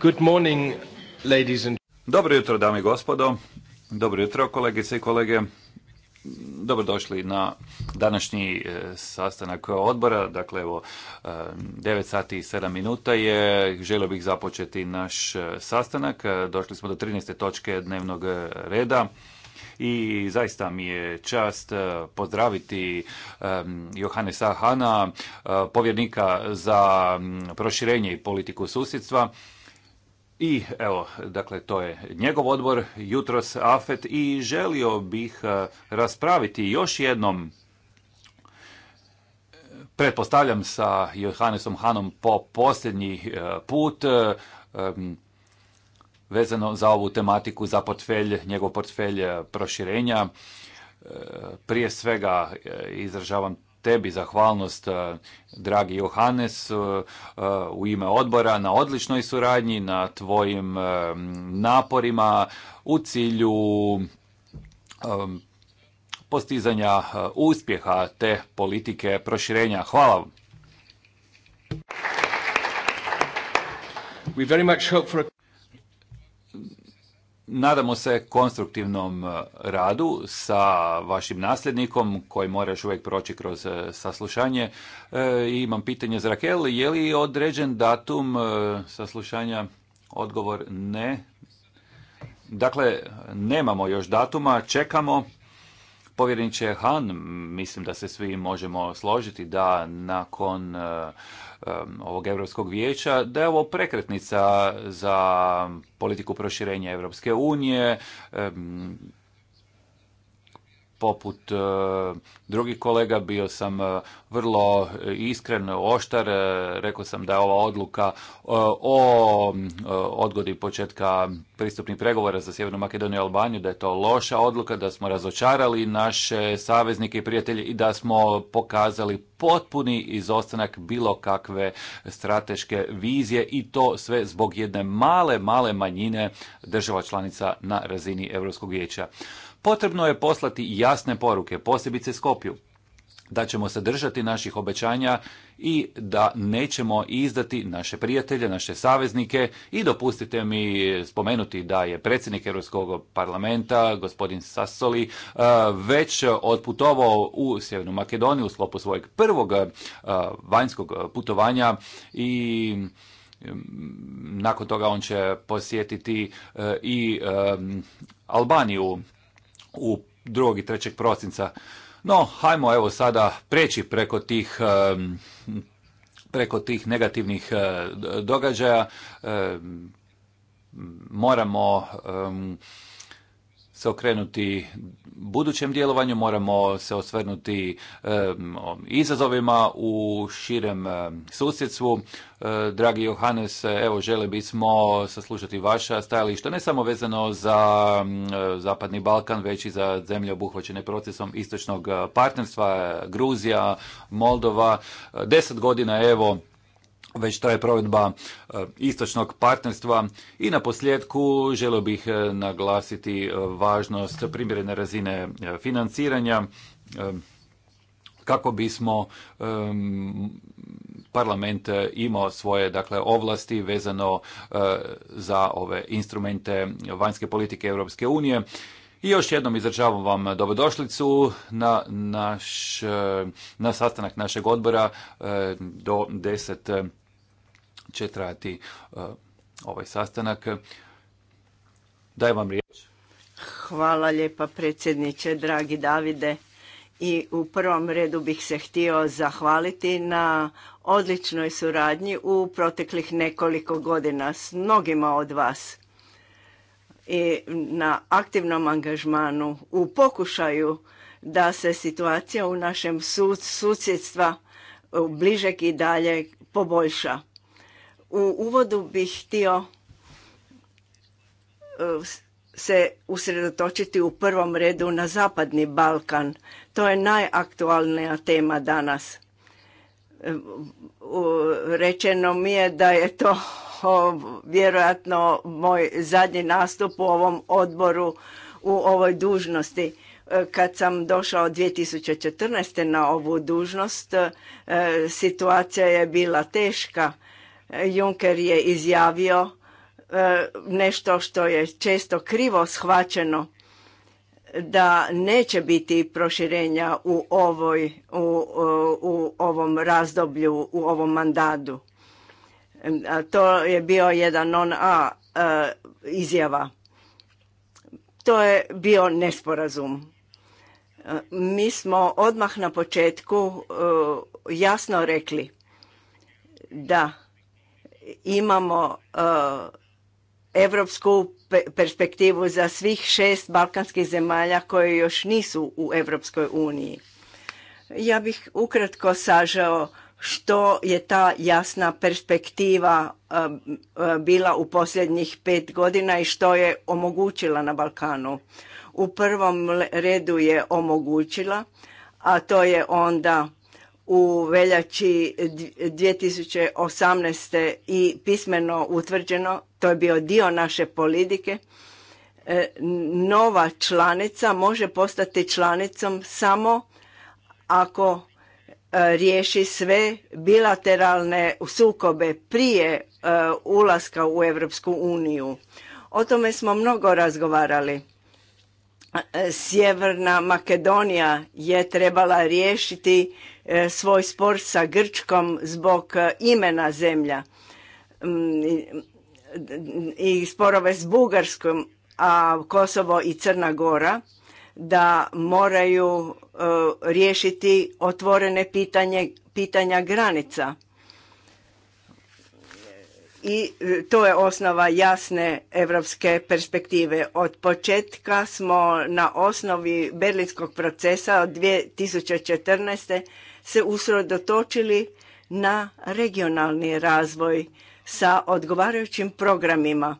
Good morning, ladies and... Dobro jutro, dame i gospodo. Dobro jutro, kolegice i kolege. došli na današnji e, sastanak odbora. Dakle, evo, 9 e, sati i 7 minuta je. Želio bih započeti naš e, sastanak. Došli smo do 13. točke dnevnog reda i zaista mi je čast pozdraviti Johannesa Hana, povjernika za proširenje i politiku susjedstva i evo, dakle, to je njegov odbor, jutros AFET i želio bih e, raspraviti još jednom e, pretpostavljam sa Johannesom Hanom po posljednji e, put vezano za ovu tematiku, za portfelj, njegov portfelj proširenja. Prije svega izražavam tebi zahvalnost, e, dragi Johannes, e, e, u ime odbora na odličnoj suradnji, na tvojim naporima u cilju postizanja uspjeha te politike proširenja. Hvala vam. Nadamo se konstruktivnom e, radu sa vašim nasljednikom koji mora još uvijek proći kroz e, saslušanje. E, imam pitanje za Raquel. je li određen datum e, saslušanja? Odgovor ne. Dakle, nemamo još datuma, čekamo. Povjereniče Han, mislim da se svi možemo složiti da nakon Um, ovog Europskog vijeća, da je ovo prekretnica za politiku proširenja Europske unije, um, poput e, drugih kolega bio sam e, vrlo iskren, oštar, e, rekao sam da je ova odluka o odgodi početka pristupnih pregovora za Sjevernu Makedoniju i Albaniju, da je to loša odluka, da smo razočarali naše saveznike i prijatelje i da smo pokazali potpuni izostanak bilo kakve strateške vizije i to sve zbog jedne male, male manjine država članica na razini Europskog vijeća. Potrebno je poslati jasne poruke, posebice Skopju, da ćemo se držati naših obećanja i da nećemo izdati naše prijatelje, naše saveznike i dopustite mi spomenuti da je predsjednik Europskog parlamenta, gospodin Sassoli, eh, već otputovao u Sjevernu Makedoniju u sklopu svojeg prvog eh, vanjskog putovanja i mm, nakon toga on će posjetiti eh, i Albaniju u 2. i 3. prosinca. No, hajmo evo sada preći preko tih preko tih negativnih e, događaja moramo se okrenuti budućem djelovanju, moramo se osvrnuti izazovima u širem susjedstvu. E, dragi Johannes, evo žele bismo saslušati vaša stajališta, ne samo vezano za Zapadni Balkan, već i za zemlje obuhvaćene procesom istočnog partnerstva, Gruzija, Moldova. Deset godina, evo, već to je provedba e, istočnog partnerstva i na posljedku želio bih e, naglasiti e, važnost primjerene razine financiranja kako bismo parlament imao svoje dakle ovlasti vezano za ove instrumente vanjske politike Europske unije. I još jednom izražavam vam dobrodošlicu na, naš, na sastanak našeg odbora do 10 će trajati e, ovaj sastanak. Dajem vam riječ. Hvala lijepa predsjedniče, dragi Davide. I u prvom redu bih se htio zahvaliti na odličnoj suradnji u proteklih nekoliko godina s mnogima od vas i na aktivnom angažmanu u pokušaju da se situacija u našem susjedstva bližeg i dalje poboljša. U uvodu bih htio e, se usredotočiti u prvom redu na Zapadni Balkan. To je najaktualnija tema danas. E, rečeno mi je da je to vjerojatno moj zadnji nastup u ovom odboru u ovoj dužnosti. E, kad sam došao 2014. na ovu dužnost, situacija je bila teška Juncker je izjavio e, nešto što je često krivo shvaćeno da neće biti proširenja u ovoj u, u ovom razdoblju u ovom mandatu to je bio jedan non a e, izjava to je bio nesporazum e, mi smo odmah na početku jasno rekli da imamo europsku perspektivu za svih šest balkanskih zemalja koje još nisu u Europskoj uniji. Ja bih ukratko sažao što je ta jasna perspektiva e, e, bila u posljednjih pet godina i što je omogućila na Balkanu. U prvom redu je omogućila, a to je onda u veljači 2018. i pismeno utvrđeno, to je bio dio naše politike, e, nova članica može postati članicom samo ako e, riješi sve bilateralne sukobe prije e, ulaska u Europsku uniju. O tome smo mnogo razgovarali. Sjeverna Makedonija je trebala riješiti E, svoj spor sa Grčkom zbog e, imena zemlja mm, i sporove s Bugarskom, a Kosovo i Crna Gora, da moraju e, riješiti otvorene pitanje, pitanja granica. I to je osnova jasne evropske perspektive. Od početka smo na osnovi berlinskog procesa od 2014 se usredotočili na regionalni razvoj sa odgovarajućim programima.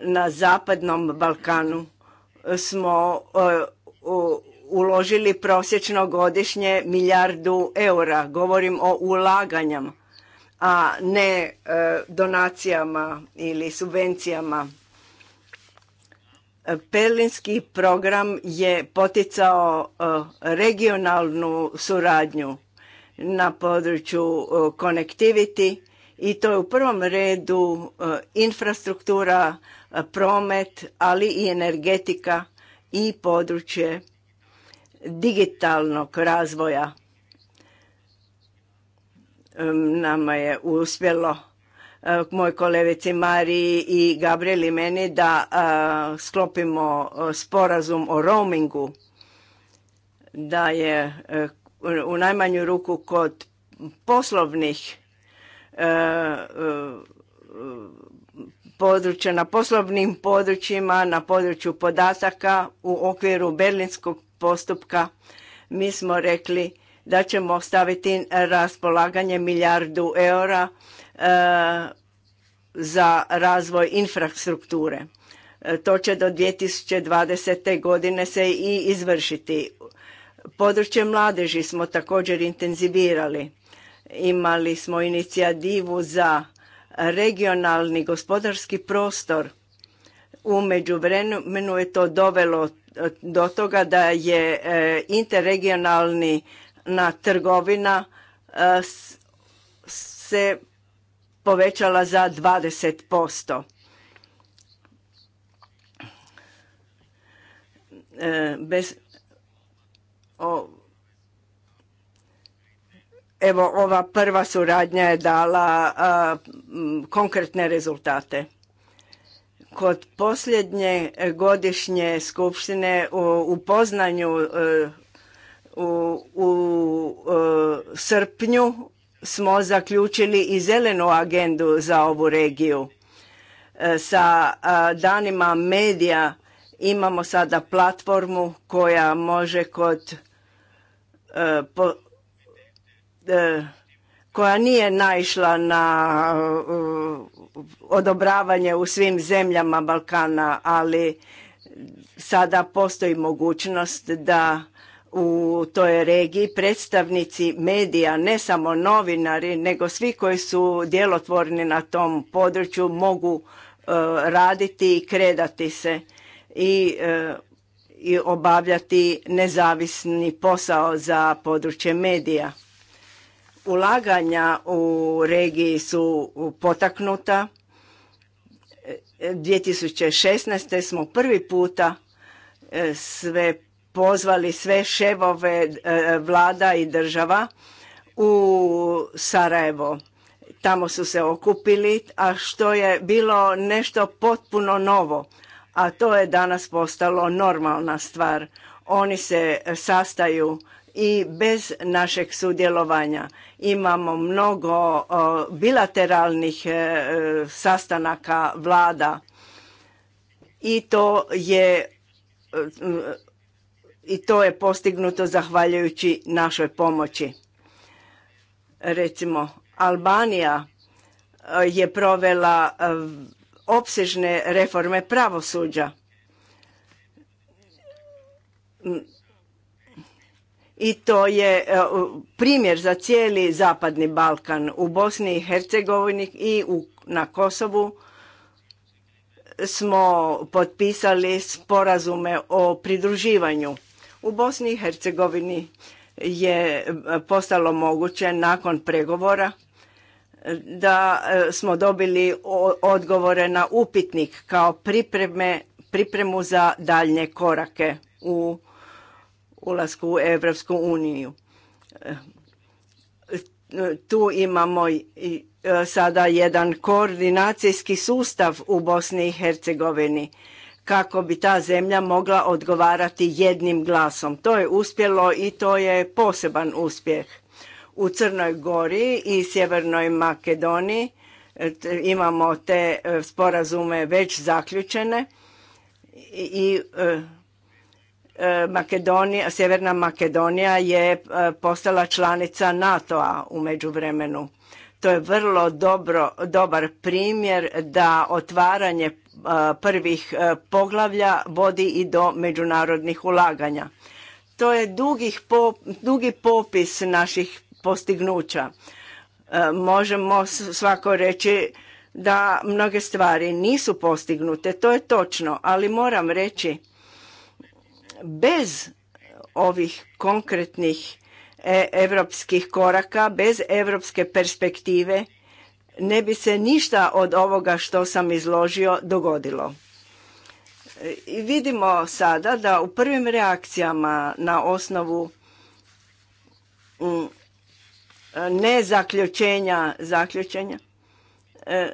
Na Zapadnom Balkanu smo e, uložili prosječno godišnje milijardu eura. Govorim o ulaganjama, a ne e, donacijama ili subvencijama Berlinski program je poticao e, regionalnu suradnju na području e, connectivity i to je u prvom redu e, infrastruktura, promet, ali i energetika i područje digitalnog razvoja. Nama je uspjelo E, moj kolevici Mariji i Gabrieli meni da e, sklopimo e, sporazum o roamingu, da je u najmanju ruku kod poslovnih područja, na poslovnim područjima, na području podataka u okviru berlinskog postupka mi smo rekli da ćemo staviti raspolaganje milijardu eura E, za razvoj infrastrukture. E, to će do 2020. godine se i izvršiti. Područje mladeži smo također intenzivirali. Imali smo inicijativu za regionalni gospodarski prostor. U međuvremenu je to dovelo e, do toga da je interregionalna trgovina se povećala za 20%. E, bez, evo ova prva suradnja je dala konkretne rezultate. Kod posljednje godišnje skupštine u, Poznanju e, u, e, srpnju smo zaključili i zelenu agendu za ovu regiju. E, sa e, danima medija imamo sada platformu koja može kod e, koja nije naišla na odobravanje u svim zemljama Balkana, ali sada postoji mogućnost da u toj regiji predstavnici medija, ne samo novinari, nego svi koji su djelotvorni na tom području mogu e, raditi i kredati se i, e, i obavljati nezavisni posao za područje medija. Ulaganja u regiji su potaknuta. 2016. E, smo prvi puta sve pozvali sve ševove e, vlada i država u Sarajevo. Tamo su se okupili, a što je bilo nešto potpuno novo, a to je danas postalo normalna stvar. Oni se sastaju i bez našeg sudjelovanja. Imamo mnogo bilateralnih e, sastanaka vlada i to je i to je postignuto zahvaljujući našoj pomoći. Recimo, Albanija e, je provela e, opsežne reforme pravosuđa. Mm. I to je e, primjer za cijeli Zapadni Balkan u Bosni i Hercegovini i na Kosovu smo potpisali sporazume o pridruživanju u Bosni i Hercegovini je e, postalo moguće nakon pregovora e, da e, smo dobili odgovore na upitnik kao pripreme, pripremu za daljnje korake u ulasku u Europsku uniju. Tu imamo sada jedan koordinacijski sustav u Bosni i Hercegovini kako bi ta zemlja mogla odgovarati jednim glasom. To je uspjelo i to je poseban uspjeh. U Crnoj Gori i Sjevernoj Makedoniji e, imamo te e, sporazume već zaključene i e, Makedonija, Sjeverna Makedonija je postala članica NATO-a u međuvremenu. To je vrlo dobro, dobar primjer da otvaranje prvih poglavlja vodi i do međunarodnih ulaganja. To je dugih po, dugi popis naših postignuća. Možemo svako reći da mnoge stvari nisu postignute, to je točno, ali moram reći bez ovih konkretnih europskih koraka, bez europske perspektive ne bi se ništa od ovoga što sam izložio dogodilo. I vidimo sada da u prvim reakcijama na osnovu mm, ne zaključenja, e,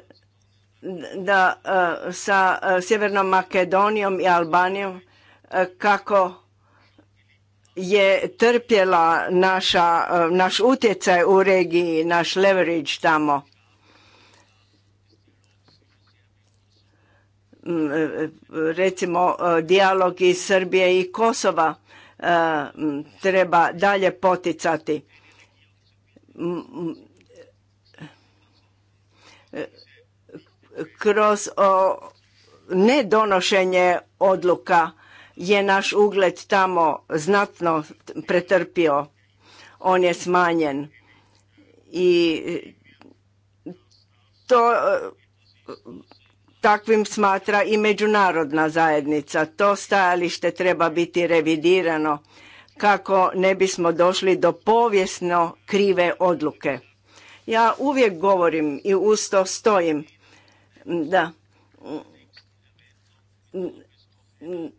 da e, sa e, Sjevernom Makedonijom i Albanijom kako je trpjela naša, naš utjecaj u regiji, naš leverage tamo E, e, recimo e, dijalog iz Srbije i Kosova treba dalje poticati. Kroz nedonošenje odluka je naš ugled tamo znatno pretrpio. On je smanjen. I to takvim smatra i međunarodna zajednica. To stajalište treba biti revidirano kako ne bismo došli do povijesno krive odluke. Ja uvijek govorim i uz to stojim da,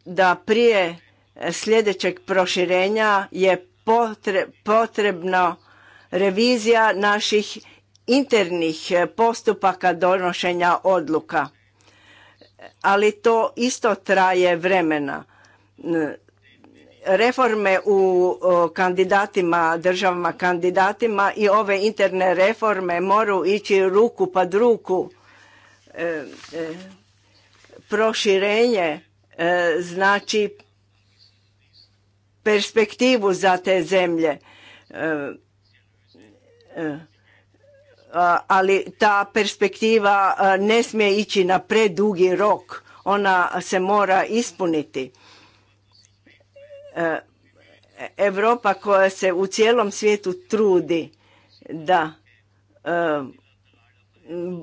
da prije sljedećeg proširenja je potre, potrebna revizija naših internih postupaka donošenja odluka ali to isto traje vremena. Reforme u kandidatima, državama kandidatima i ove interne reforme moraju ići ruku pod ruku. E, e, proširenje e, znači perspektivu za te zemlje ali ta perspektiva ne smije ići na predugi rok. Ona se mora ispuniti. Europa koja se u cijelom svijetu trudi da e,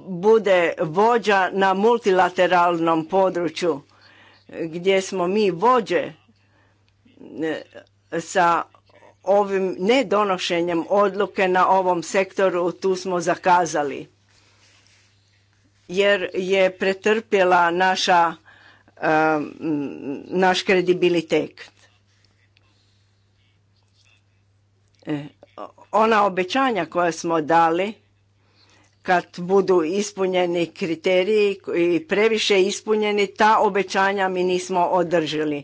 bude vođa na multilateralnom području gdje smo mi vođe e, sa ovim nedonošenjem odluke na ovom sektoru tu smo zakazali jer je pretrpjela naša, naš kredibilitet. E, ona obećanja koja smo dali kad budu ispunjeni kriteriji i previše ispunjeni, ta obećanja mi nismo održili.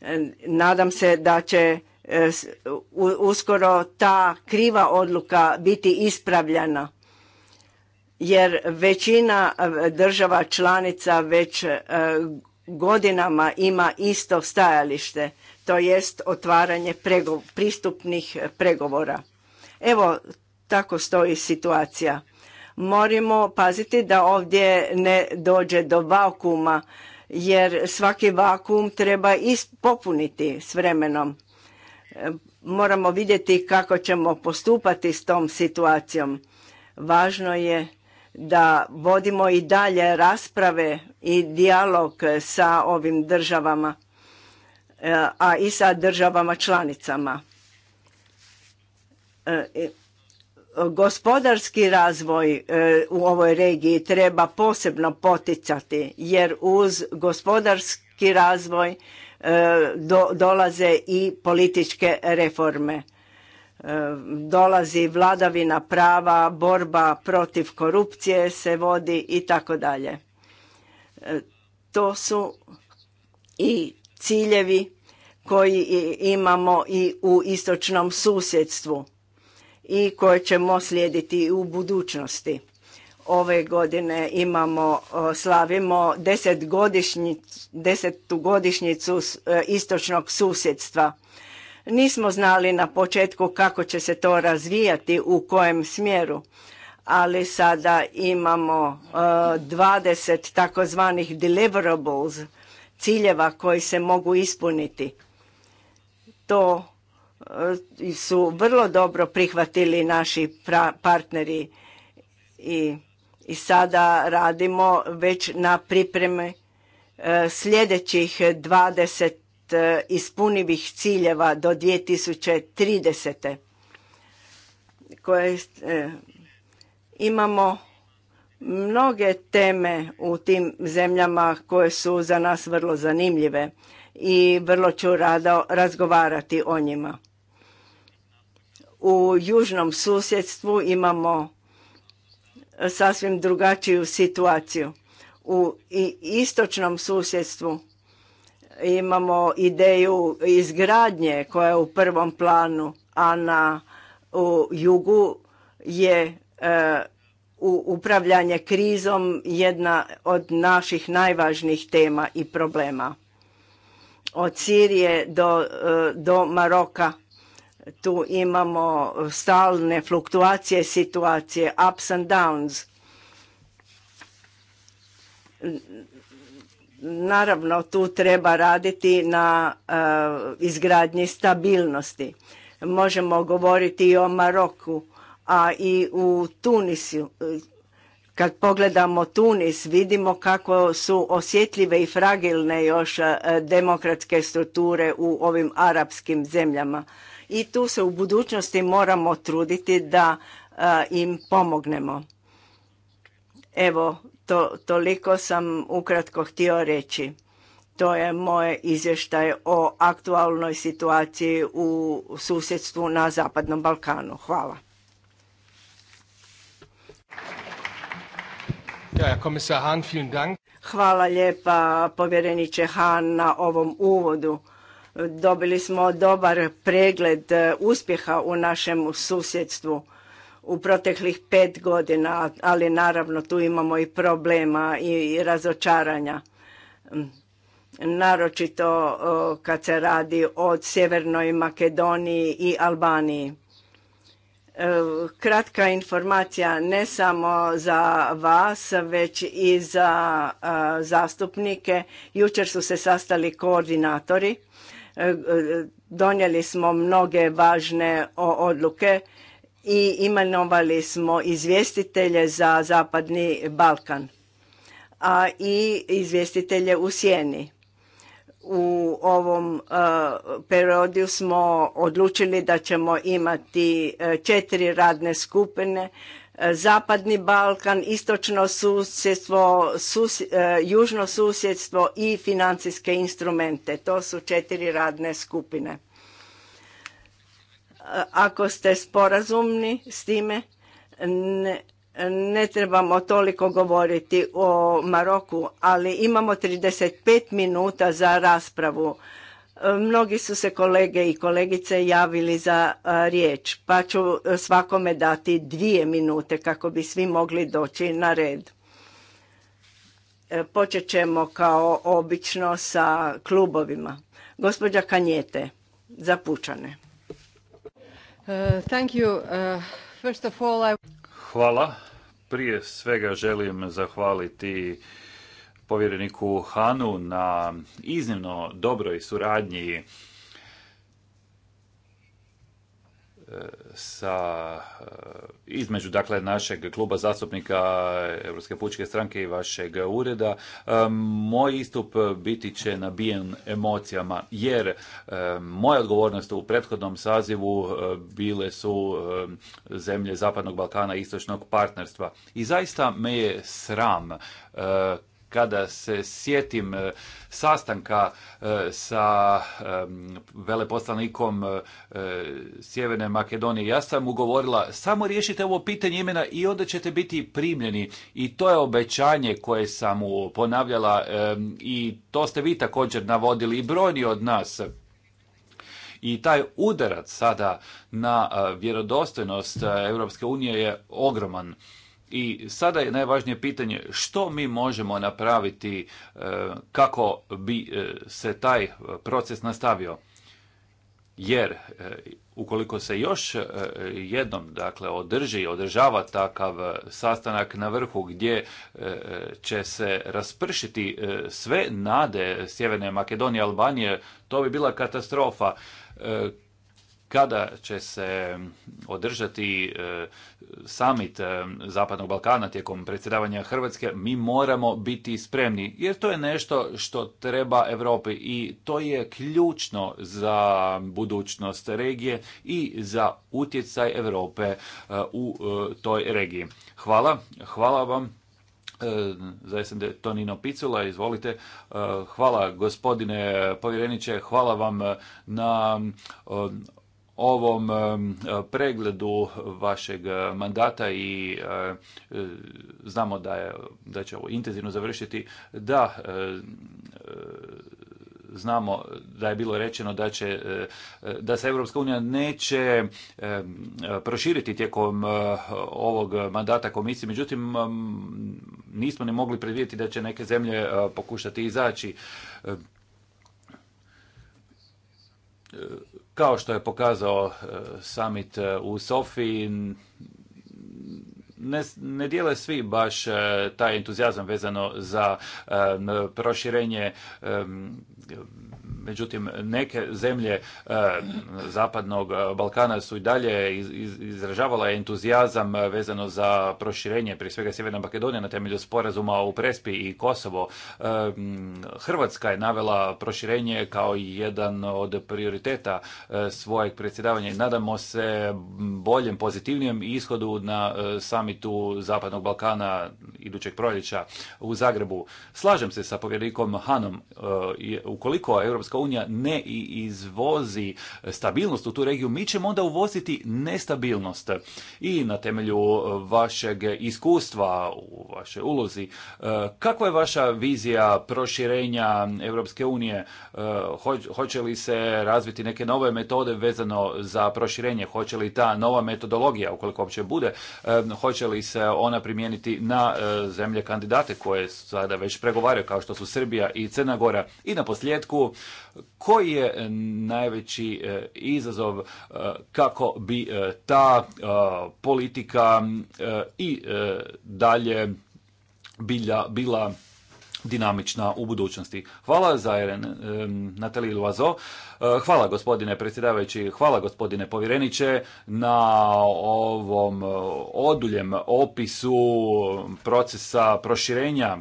E, nadam se da će E, uskoro ta kriva odluka biti ispravljena jer većina e, država članica već e, godinama ima isto stajalište to jest otvaranje pristupnih pregovora evo tako stoji situacija moramo paziti da ovdje ne dođe do vakuma jer svaki vakum treba popuniti s vremenom moramo vidjeti kako ćemo postupati s tom situacijom. Važno je da vodimo i dalje rasprave i dijalog sa ovim državama, e, a i sa državama članicama. E, gospodarski razvoj e, u ovoj regiji treba posebno poticati jer uz gospodarski razvoj E, dolaze i političke reforme. E, dolazi vladavina prava, borba protiv korupcije se vodi i tako dalje. E, to su i ciljevi koji imamo i u istočnom susjedstvu i koje ćemo slijediti u budućnosti ove godine imamo, slavimo desettu godišnjicu e, istočnog susjedstva. Nismo znali na početku kako će se to razvijati, u kojem smjeru, ali sada imamo 20 takozvanih deliverables, ciljeva koji se mogu ispuniti. To e, su vrlo dobro prihvatili naši partneri i i sada radimo već na pripreme e, sljedećih 20 e, ispunivih ciljeva do 2030. koje e, imamo mnoge teme u tim zemljama koje su za nas vrlo zanimljive i vrlo ću rado razgovarati o njima. U južnom susjedstvu imamo sasvim drugačiju situaciju. U istočnom susjedstvu imamo ideju izgradnje koja je u prvom planu, a na u jugu je e, upravljanje krizom jedna od naših najvažnijih tema i problema. Od Sirije do, e, do Maroka tu imamo stalne fluktuacije situacije, ups and downs. Naravno, tu treba raditi na eh, izgradnji stabilnosti. Možemo govoriti i o Maroku, a i u Tunisu. Kad pogledamo Tunis, vidimo kako su osjetljive i fragilne još eh, demokratske strukture u ovim arapskim zemljama i tu se u budućnosti moramo truditi da e, im pomognemo. Evo, to, toliko sam ukratko htio reći. To je moje izvještaj o aktualnoj situaciji u susjedstvu na Zapadnom Balkanu. Hvala. Hvala lijepa povjereniče Han na ovom uvodu. Dobili smo dobar pregled e, uspjeha u našem susjedstvu u proteklih pet godina, ali naravno tu imamo i problema i razočaranja. Mm. Naročito kad se radi o Sjevernoj Makedoniji i Albaniji. E, kratka informacija ne samo za vas, već i za zastupnike. Jučer su se sastali koordinatori E, e, donijeli smo mnoge važne odluke i imenovali smo izvjestitelje za Zapadni Balkan, a i izvjestitelje u Sjeni. U ovom e, periodu smo odlučili da ćemo imati četiri radne skupine Zapadni Balkan, istočno susjedstvo, e, južno susjedstvo i financijske instrumente. To su četiri radne skupine. E, ako ste sporazumni s time, ne, ne trebamo toliko govoriti o Maroku, ali imamo 35 minuta za raspravu Mnogi su se kolege i kolegice javili za riječ, pa ću e, svakome dati dvije minute kako bi svi mogli doći na red. E, počet ćemo kao obično sa klubovima. Gospođa Kanjete, za pučane. E, Hvala. Prije svega želim zahvaliti povjereniku Hanu na iznimno dobroj suradnji e, sa e, između dakle našeg kluba zastupnika Europske pučke stranke i vašeg ureda e, moj istup biti će nabijen emocijama jer moja odgovornost u prethodnom sazivu bile su zemlje zapadnog Balkana i istočnog partnerstva i zaista me je sram kada se sjetim e, sastanka e, sa e, veleposlanikom Sjeverne Makedonije, ja sam ugovorila samo riješite ovo pitanje imena i onda ćete biti primljeni. I to je obećanje koje sam mu ponavljala i to ste vi također navodili i brojni od nas. I taj udarac sada na vjerodostojnost Europske unije je ogroman. I sada je najvažnije pitanje što mi možemo napraviti e, kako bi e, se taj proces nastavio. Jer e, ukoliko se još jednom dakle, održi, održava takav sastanak na vrhu gdje će se raspršiti sve nade Sjeverne Makedonije i Albanije, to bi bila katastrofa kada će se održati e, summit e, Zapadnog Balkana tijekom predsjedavanja Hrvatske, mi moramo biti spremni, jer to je nešto što treba Europi i to je ključno za budućnost regije i za utjecaj Europe e, u toj regiji. Hvala, hvala vam. da to Tonino Picula, izvolite. Hvala gospodine povjereniče, hvala vam na ovom pregledu vašeg e, mandata i e, e, znamo da, će ovo intenzivno završiti, da znamo da je bilo rečeno da će da se Europska unija neće proširiti tijekom ovog mandata komisije, međutim nismo ne mogli predvidjeti da će neke zemlje pokušati izaći kao što je pokazao e, summit e, u Sofiji, ne, ne dijele svi baš e, taj entuzijazam vezano za proširenje Međutim, neke zemlje e, Zapadnog e, Balkana su i dalje izražavala entuzijazam e, vezano za proširenje, prije svega Sjeverna Makedonija na temelju sporazuma u Prespi i Kosovo. Hrvatska je navela proširenje kao jedan od prioriteta svojeg predsjedavanja i nadamo se boljem, pozitivnijem ishodu na samitu Zapadnog Balkana idućeg proljeća u Zagrebu. Slažem se sa povjerenikom Hanom. Ukoliko Europska unija ne izvozi stabilnost u tu regiju, mi ćemo onda uvoziti nestabilnost. I na temelju e, vašeg iskustva u vašoj ulozi, e, kakva je vaša vizija proširenja Europske unije? E, hoće li se razviti neke nove metode vezano za proširenje? Hoće li ta nova metodologija, ukoliko uopće bude, hoće li se ona primijeniti na zemlje kandidate koje sada već pregovaraju, kao što su Srbija i Crna Gora? I na posljedku, koji je e, najveći e, izazov e, kako bi ta politika i dalje bila dinamična u budućnosti. Hvala za Natali Luazo, Hvala gospodine predsjedavajući, hvala gospodine povjereniče na ovom oduljem opisu procesa proširenja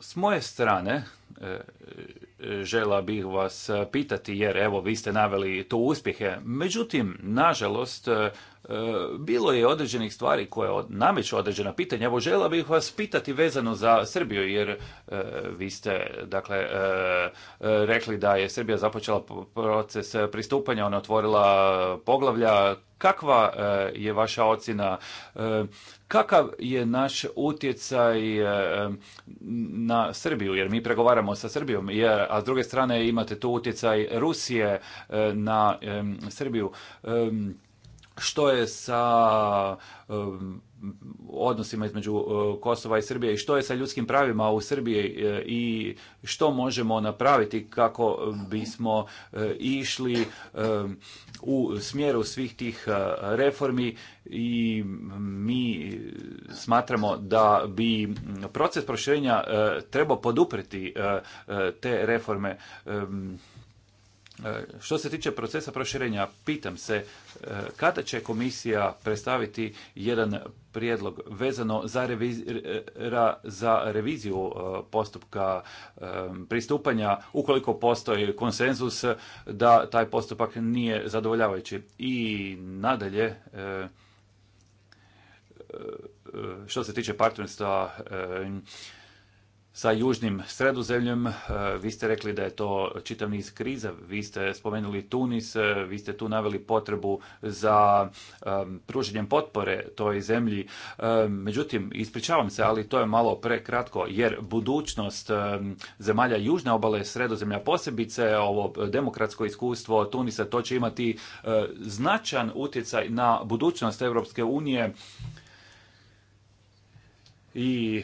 s moje strane e, e, žela bih vas e, pitati jer evo vi ste naveli tu uspjehe, međutim nažalost E, bilo je određenih stvari koje nameću određena pitanja. Evo, žela bih vas pitati vezano za Srbiju, jer e, vi ste, dakle, e, rekli da je Srbija započela proces pristupanja, ona otvorila poglavlja. Kakva je vaša ocjena? Kakav je naš utjecaj na Srbiju? Jer mi pregovaramo sa Srbijom, jer, a s druge strane imate tu utjecaj Rusije na Srbiju što je sa um, odnosima između uh, Kosova i Srbije i što je sa ljudskim pravima u Srbiji uh, i što možemo napraviti kako bismo uh, išli um, u smjeru svih tih reformi i mi smatramo da bi proces proširenja trebao poduprijeti te reforme um, E, što se tiče procesa proširenja, pitam se e, kada će komisija predstaviti jedan prijedlog vezano za, za reviziju e, postupka pristupanja ukoliko postoji konsenzus da taj postupak nije zadovoljavajući. I nadalje, što se tiče partnerstva sa južnim sredozemljem. E, vi ste rekli da je to čitav niz kriza, vi ste spomenuli Tunis, e, vi ste tu naveli potrebu za e, pruženjem potpore toj zemlji. Međutim, ispričavam se, ali to je malo prekratko, jer budućnost zemalja južne obale sredozemlja, posebice ovo demokratsko iskustvo Tunisa, to će imati značan utjecaj na budućnost Europske unije i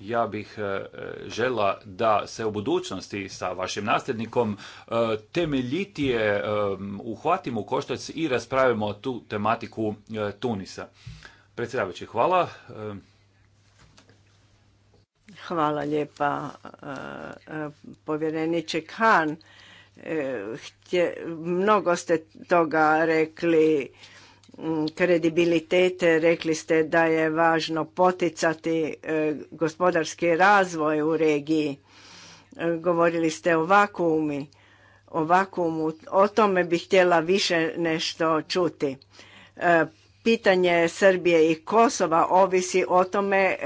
ja bih e, žela da se u budućnosti sa vašim nasljednikom e, temeljitije e, uhvatimo u koštac i raspravimo tu tematiku Tunisa. Predsjedavajući, hvala. Hvala lijepa povjereniče Khan. Mnogo ste toga rekli Mm, kredibilitete, rekli ste da je važno poticati e, gospodarski razvoj u regiji. E, govorili ste o vakuumi, o vakuumu, o tome bih htjela više nešto čuti. E, pitanje Srbije i Kosova ovisi o tome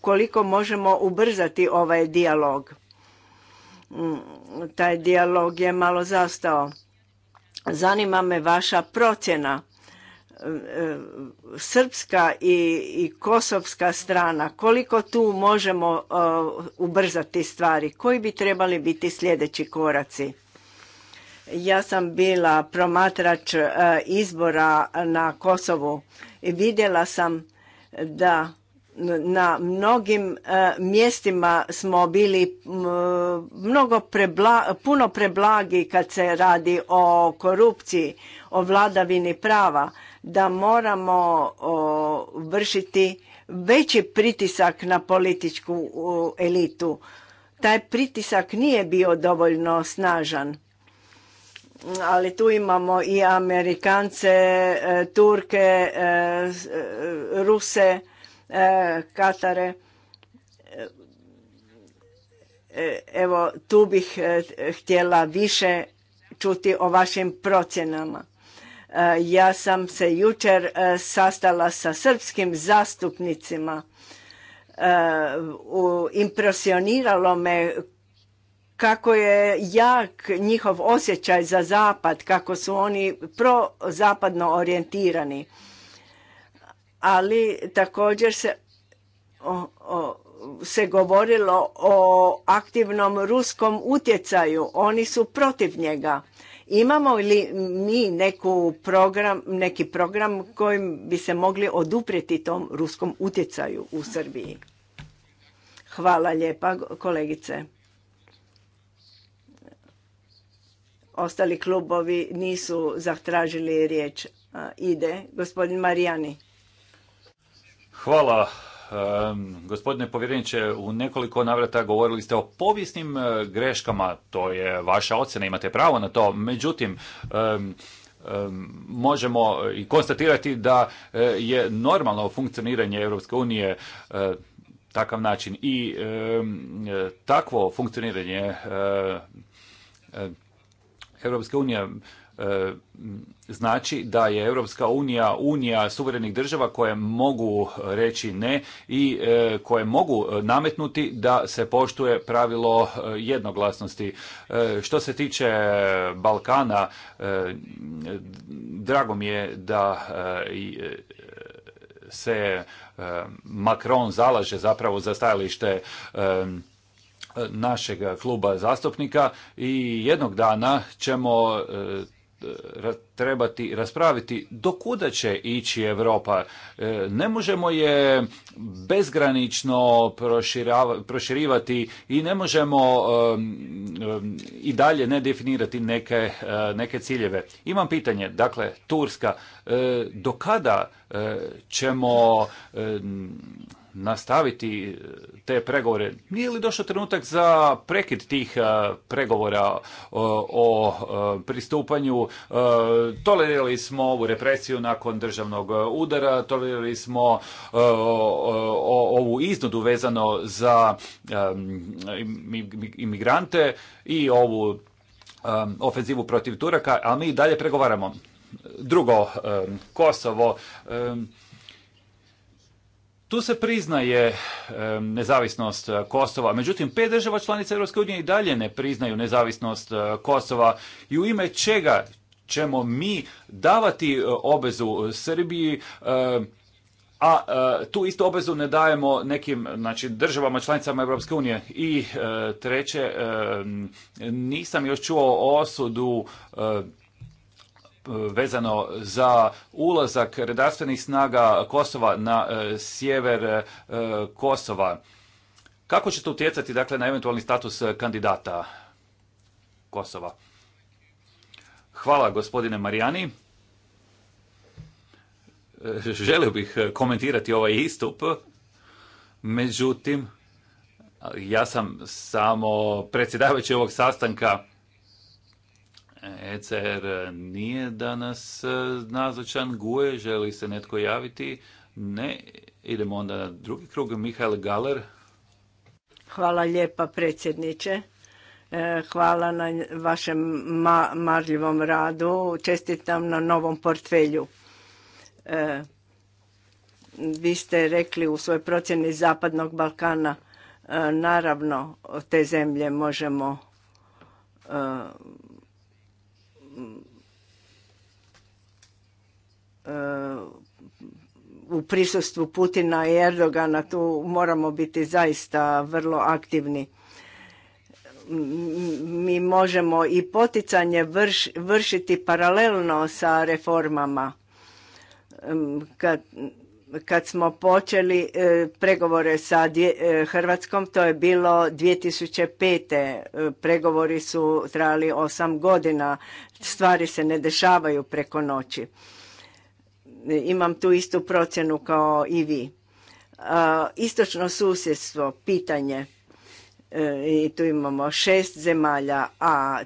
koliko možemo ubrzati ovaj dijalog. Mm, taj dijalog je malo zastao Zanima me vaša procjena. E, e, srpska i, kosovska strana, koliko tu možemo e, ubrzati stvari? Koji bi trebali biti sljedeći koraci? Ja sam bila promatrač izbora na Kosovu i vidjela sam da na mnogim e, mjestima smo bili mnogo puno preblagi kad se radi o korupciji, o vladavini prava, da moramo vršiti veći pritisak na političku elitu. Taj pritisak nije bio dovoljno snažan. Ali tu imamo i Amerikance, e, Turke, e, Ruse, E, Katare. E, e, evo, tu bih htjela više čuti o vašim procjenama. Ja sam se jučer sastala sa srpskim zastupnicima. Impresioniralo me kako je jak njihov osjećaj za zapad, kako su oni prozapadno orijentirani ali također se, o, se govorilo o aktivnom ruskom utjecaju. Oni su protiv njega. Imamo li mi neku program, neki program kojim bi se mogli oduprijeti tom ruskom utjecaju u Srbiji? Hvala lijepa, kolegice. Ostali klubovi nisu zatražili riječ. Ide gospodin Marijani. Hvala. Gospodine povjereniče, u nekoliko navrata govorili ste o povijesnim e, greškama, to je vaša ocjena, imate pravo na to. Međutim, možemo i konstatirati da e, je normalno funkcioniranje Europske unije e, takav način i takvo funkcioniranje Europske unije E, znači da je Europska unija unija suverenih država koje mogu reći ne i e, koje mogu nametnuti da se poštuje pravilo e, jednoglasnosti. Što se tiče Balkana, drago mi je da se Macron zalaže zapravo za stajalište našeg kluba zastupnika i jednog dana ćemo trebati raspraviti do kuda će ići Europa. E, ne možemo je bezgranično proširivati i ne možemo i dalje ne definirati neke, e, neke ciljeve. Imam pitanje, dakle, Turska, e, do kada ćemo nastaviti e, te pregovore. Nije li došao trenutak za prekid tih e, pregovora e, o pristupanju? Tolerirali smo ovu represiju nakon državnog udara, tolerirali smo ovu iznudu vezano za imigrante i ovu ofenzivu protiv Turaka, a mi dalje pregovaramo. Drugo, Kosovo, tu se priznaje eh, nezavisnost eh, Kosova, međutim pet država članica EU i dalje ne priznaju nezavisnost eh, Kosova i u ime čega ćemo mi davati obezu Srbiji a tu istu obezu ne dajemo nekim znači, državama članicama EU. I treće, nisam još čuo o osudu vezano za ulazak redarstvenih snaga Kosova na e, sjever e, Kosova. Kako će to utjecati dakle, na eventualni status kandidata Kosova? Hvala gospodine Marijani. E, želio bih komentirati ovaj istup, međutim, ja sam samo predsjedavajući ovog sastanka ECR nije danas e, nazočan. Guje, želi se netko javiti? Ne. Idemo onda na drugi krug. Mihael Galer. Hvala lijepa predsjedniče. E, hvala na vašem marljivom radu. Čestitam na novom portfelju. E, vi ste rekli u svojoj procjeni Zapadnog Balkana, naravno te zemlje možemo Mm. E, u prisustvu Putina i Erdogana tu moramo biti zaista vrlo aktivni. Mi možemo i poticanje vršiti paralelno sa reformama. E, kad kad smo počeli e, pregovore sa e, Hrvatskom, to je bilo 2005. E, pregovori su trajali osam godina, stvari se ne dešavaju preko noći. Imam tu istu procjenu kao i vi. Istočno susjedstvo, pitanje, i tu imamo šest zemalja, a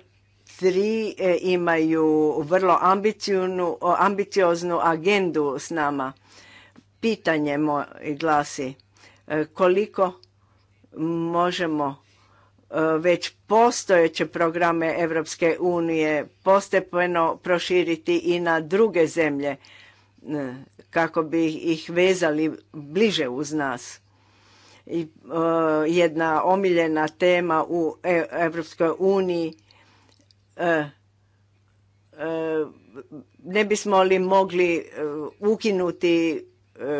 tri imaju vrlo ambicioznu agendu s nama pitanje glasi e, koliko možemo e, već postojeće programe Europske unije postepeno proširiti i na druge zemlje e, kako bi ih vezali bliže uz nas. jedna omiljena tema u Europskoj uniji ne bismo li mogli ukinuti E,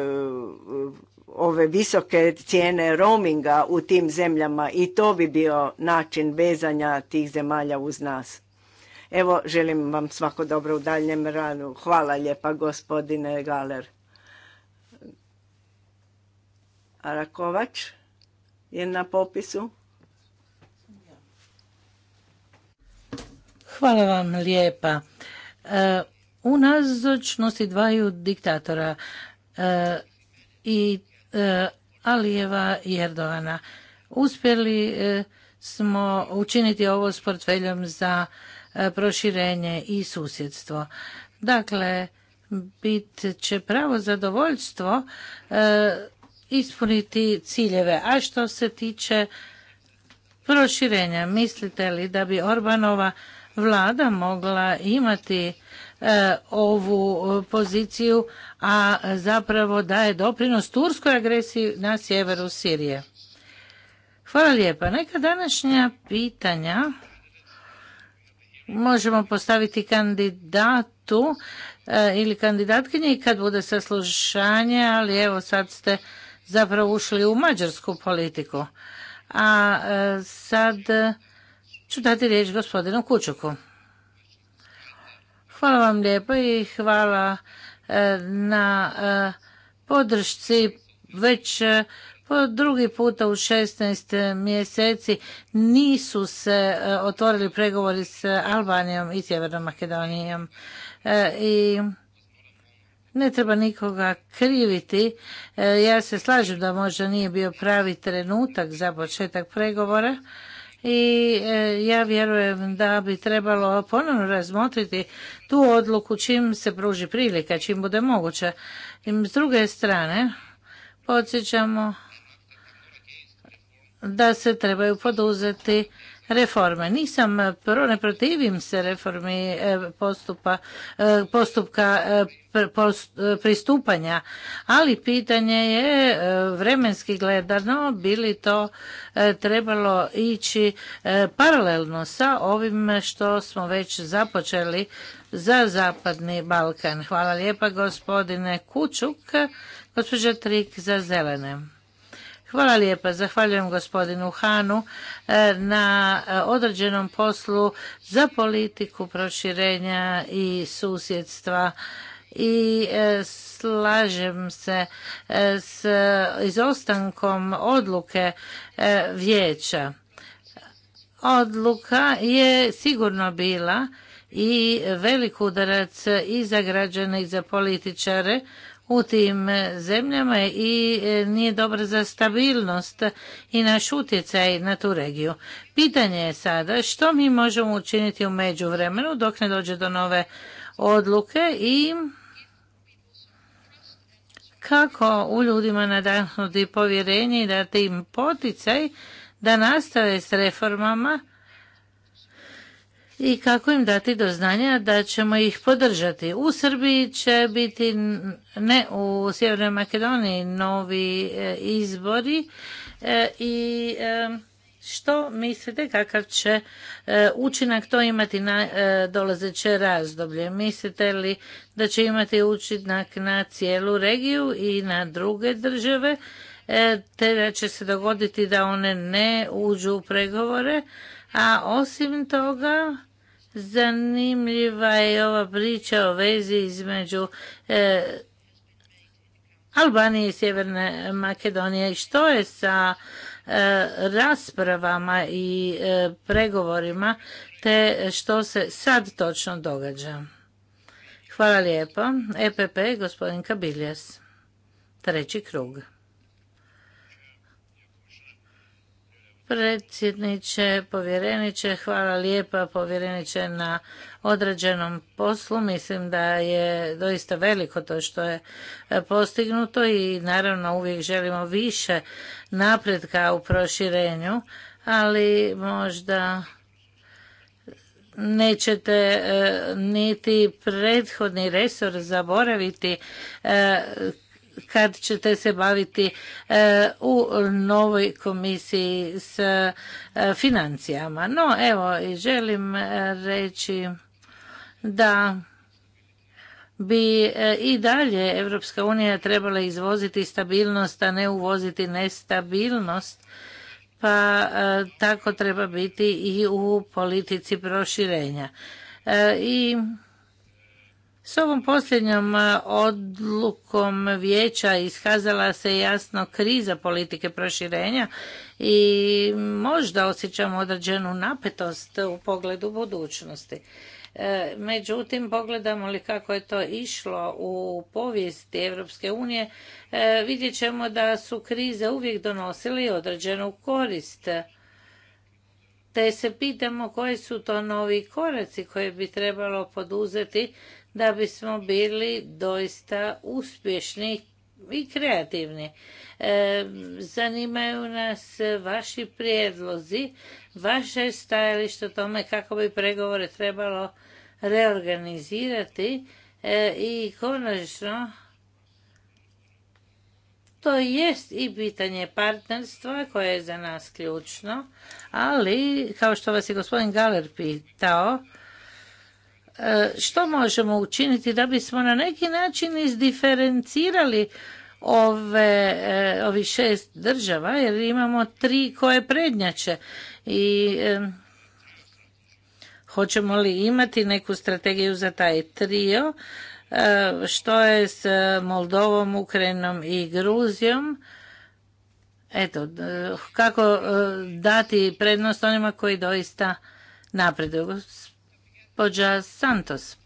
ove visoke cijene roaminga u tim zemljama i to bi bio način vezanja tih zemalja uz nas. Evo, želim vam svako dobro u daljem radu. Hvala lijepa, gospodine Galer. Arakovač je na popisu. Hvala vam lijepa. E, u nazočnosti dvaju diktatora E, i e, Alijeva i Erdovana. Uspjeli e, smo učiniti ovo s portfeljom za proširenje i susjedstvo. Dakle, bit će pravo zadovoljstvo ispuniti ciljeve. A što se tiče proširenja, mislite li da bi Orbanova vlada mogla imati E, ovu poziciju, a zapravo daje doprinos turskoj agresiji na sjeveru Sirije. Hvala lijepa. Neka današnja pitanja možemo postaviti kandidatu e, ili kandidatkinji kad bude saslušanje, ali evo sad ste zapravo ušli u mađarsku politiku. A e, sad ću dati riječ gospodinu Kučuku. Hvala vam lijepo i hvala e, na e, podršci već e, po drugi puta u 16 mjeseci nisu se otvorili pregovori s Albanijom i Sjevernom Makedonijom. I ne treba nikoga kriviti. Ja se slažem da možda nije bio pravi trenutak za početak pregovora, i e, ja vjerujem da bi trebalo ponovno razmotriti tu odluku čim se pruži prilika, čim bude moguće. I s druge strane, podsjećamo da se trebaju poduzeti reforme. Nisam prvo, ne protivim se reformi e, postupa, e, postupka e, pristupanja, ali pitanje je vremenski gledano bili to trebalo ići paralelno sa ovim što smo već započeli za Zapadni Balkan. Hvala lijepa gospodine Kučuk, gospođa Trik za zelene. Hvala lijepa. Zahvaljujem gospodinu Hanu e, na e, određenom poslu za politiku proširenja i susjedstva i e, slažem se s izostankom odluke vijeća. Odluka je sigurno bila i velik udarac i za građane i za političare u tim e, zemljama i e, nije dobro za stabilnost i naš utjecaj na tu regiju. Pitanje je sada što mi možemo učiniti u međuvremenu dok ne dođe do nove odluke i kako u ljudima nadahnuti povjerenje i dati im poticaj da nastave s reformama i kako im dati do znanja da ćemo ih podržati. U Srbiji će biti, ne u Sjevernoj Makedoniji, novi e, izbori e, i e, što mislite kakav će učinak to imati na dolazeće razdoblje? Mislite li da će imati učinak na cijelu regiju i na druge države? te da će se dogoditi da one ne uđu u pregovore, a osim toga Zanimljiva je ova priča o vezi između e, Albanije i Sjeverne Makedonije. Što je sa e, raspravama i e, pregovorima te što se sad točno događa? Hvala lijepo. EPP, gospodin Kabiljas. Treći krug. predsjedniče, povjereniče, hvala lijepa povjereniče na određenom poslu. Mislim da je doista veliko to što je e, postignuto i naravno uvijek želimo više napretka u proširenju, ali možda nećete e, niti prethodni resor zaboraviti e, kad ćete se baviti e, u novoj komisiji s e, financijama. No, evo, želim e, reći da bi i dalje Europska unija trebala izvoziti stabilnost, a ne uvoziti nestabilnost, pa tako treba biti i u politici proširenja. I s ovom posljednjom e, odlukom vijeća iskazala se jasno kriza politike proširenja i možda osjećamo određenu napetost u pogledu budućnosti. E, međutim, pogledamo li kako je to išlo u povijesti Europske unije, e, vidjet ćemo da su krize uvijek donosili određenu korist. Te se pitamo koji su to novi koraci koje bi trebalo poduzeti da bismo bili doista uspješni i kreativni. E, zanimaju nas vaši prijedlozi, vaše stajalište o tome kako bi pregovore trebalo reorganizirati e, i konačno to jest i pitanje partnerstva koje je za nas ključno, ali kao što vas je gospodin Galer pitao, E, što možemo učiniti da bismo na neki način izdiferencirali ove, e, ovi šest država, jer imamo tri koje prednjače i e, hoćemo li imati neku strategiju za taj trio, što je s Moldovom, Ukrajinom i Gruzijom, eto, kako dati prednost onima koji doista napreduju. Gospođa Santos.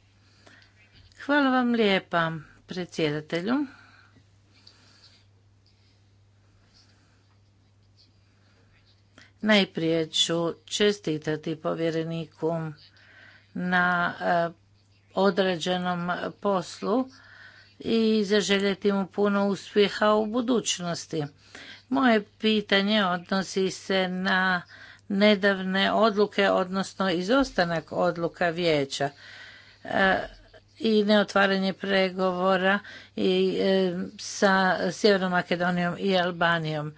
Hvala vam lijepa predsjedatelju. Najprije ću čestitati povjereniku na e, određenom poslu i zaželjeti mu puno uspjeha u budućnosti. Moje pitanje odnosi se na nedavne odluke, odnosno izostanak odluka vijeća e, i neotvaranje pregovora i e, sa Sjevernom Makedonijom i Albanijom.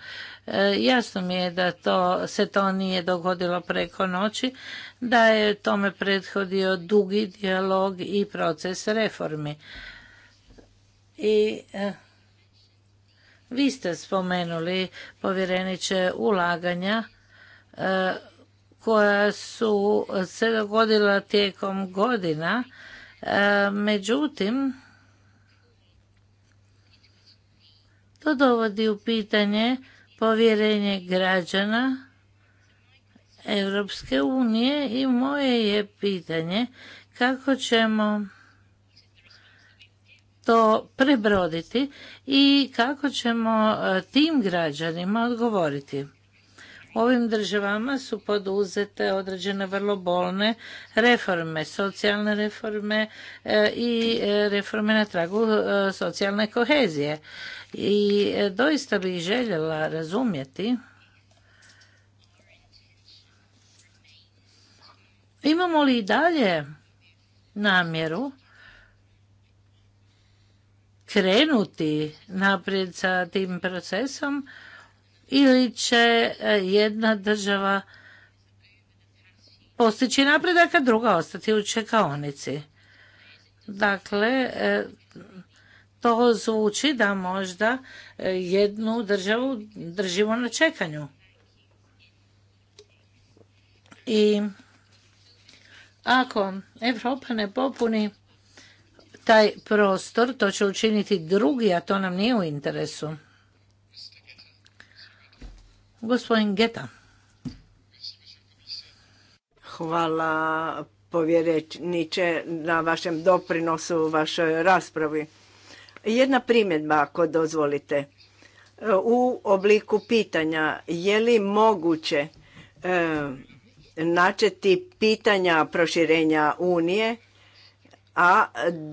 E, jasno mi je da to, se to nije dogodilo preko noći, da je tome prethodio dugi dijalog i proces reformi. I vi ste spomenuli povjereniče ulaganja E, koja su se dogodila tijekom godina. E, međutim, to dovodi u pitanje povjerenje građana Europske unije i moje je pitanje kako ćemo to prebroditi i kako ćemo e, tim građanima odgovoriti ovim državama su poduzete određene vrlo bolne reforme, socijalne reforme e, i e, reforme na tragu e, socijalne kohezije. I doista bih željela razumjeti Imamo li i dalje namjeru krenuti naprijed sa tim procesom ili će e, jedna država postići napredak, a druga ostati u čekaonici. Dakle, e, to zvuči da možda e, jednu državu držimo na čekanju. I ako Evropa ne popuni taj prostor, to će učiniti drugi, a to nam nije u interesu. Gospodin Geta. Hvala povjereniče na vašem doprinosu u vašoj raspravi. Jedna primjedba ako dozvolite u obliku pitanja je li moguće eh, načeti pitanja proširenja Unije, a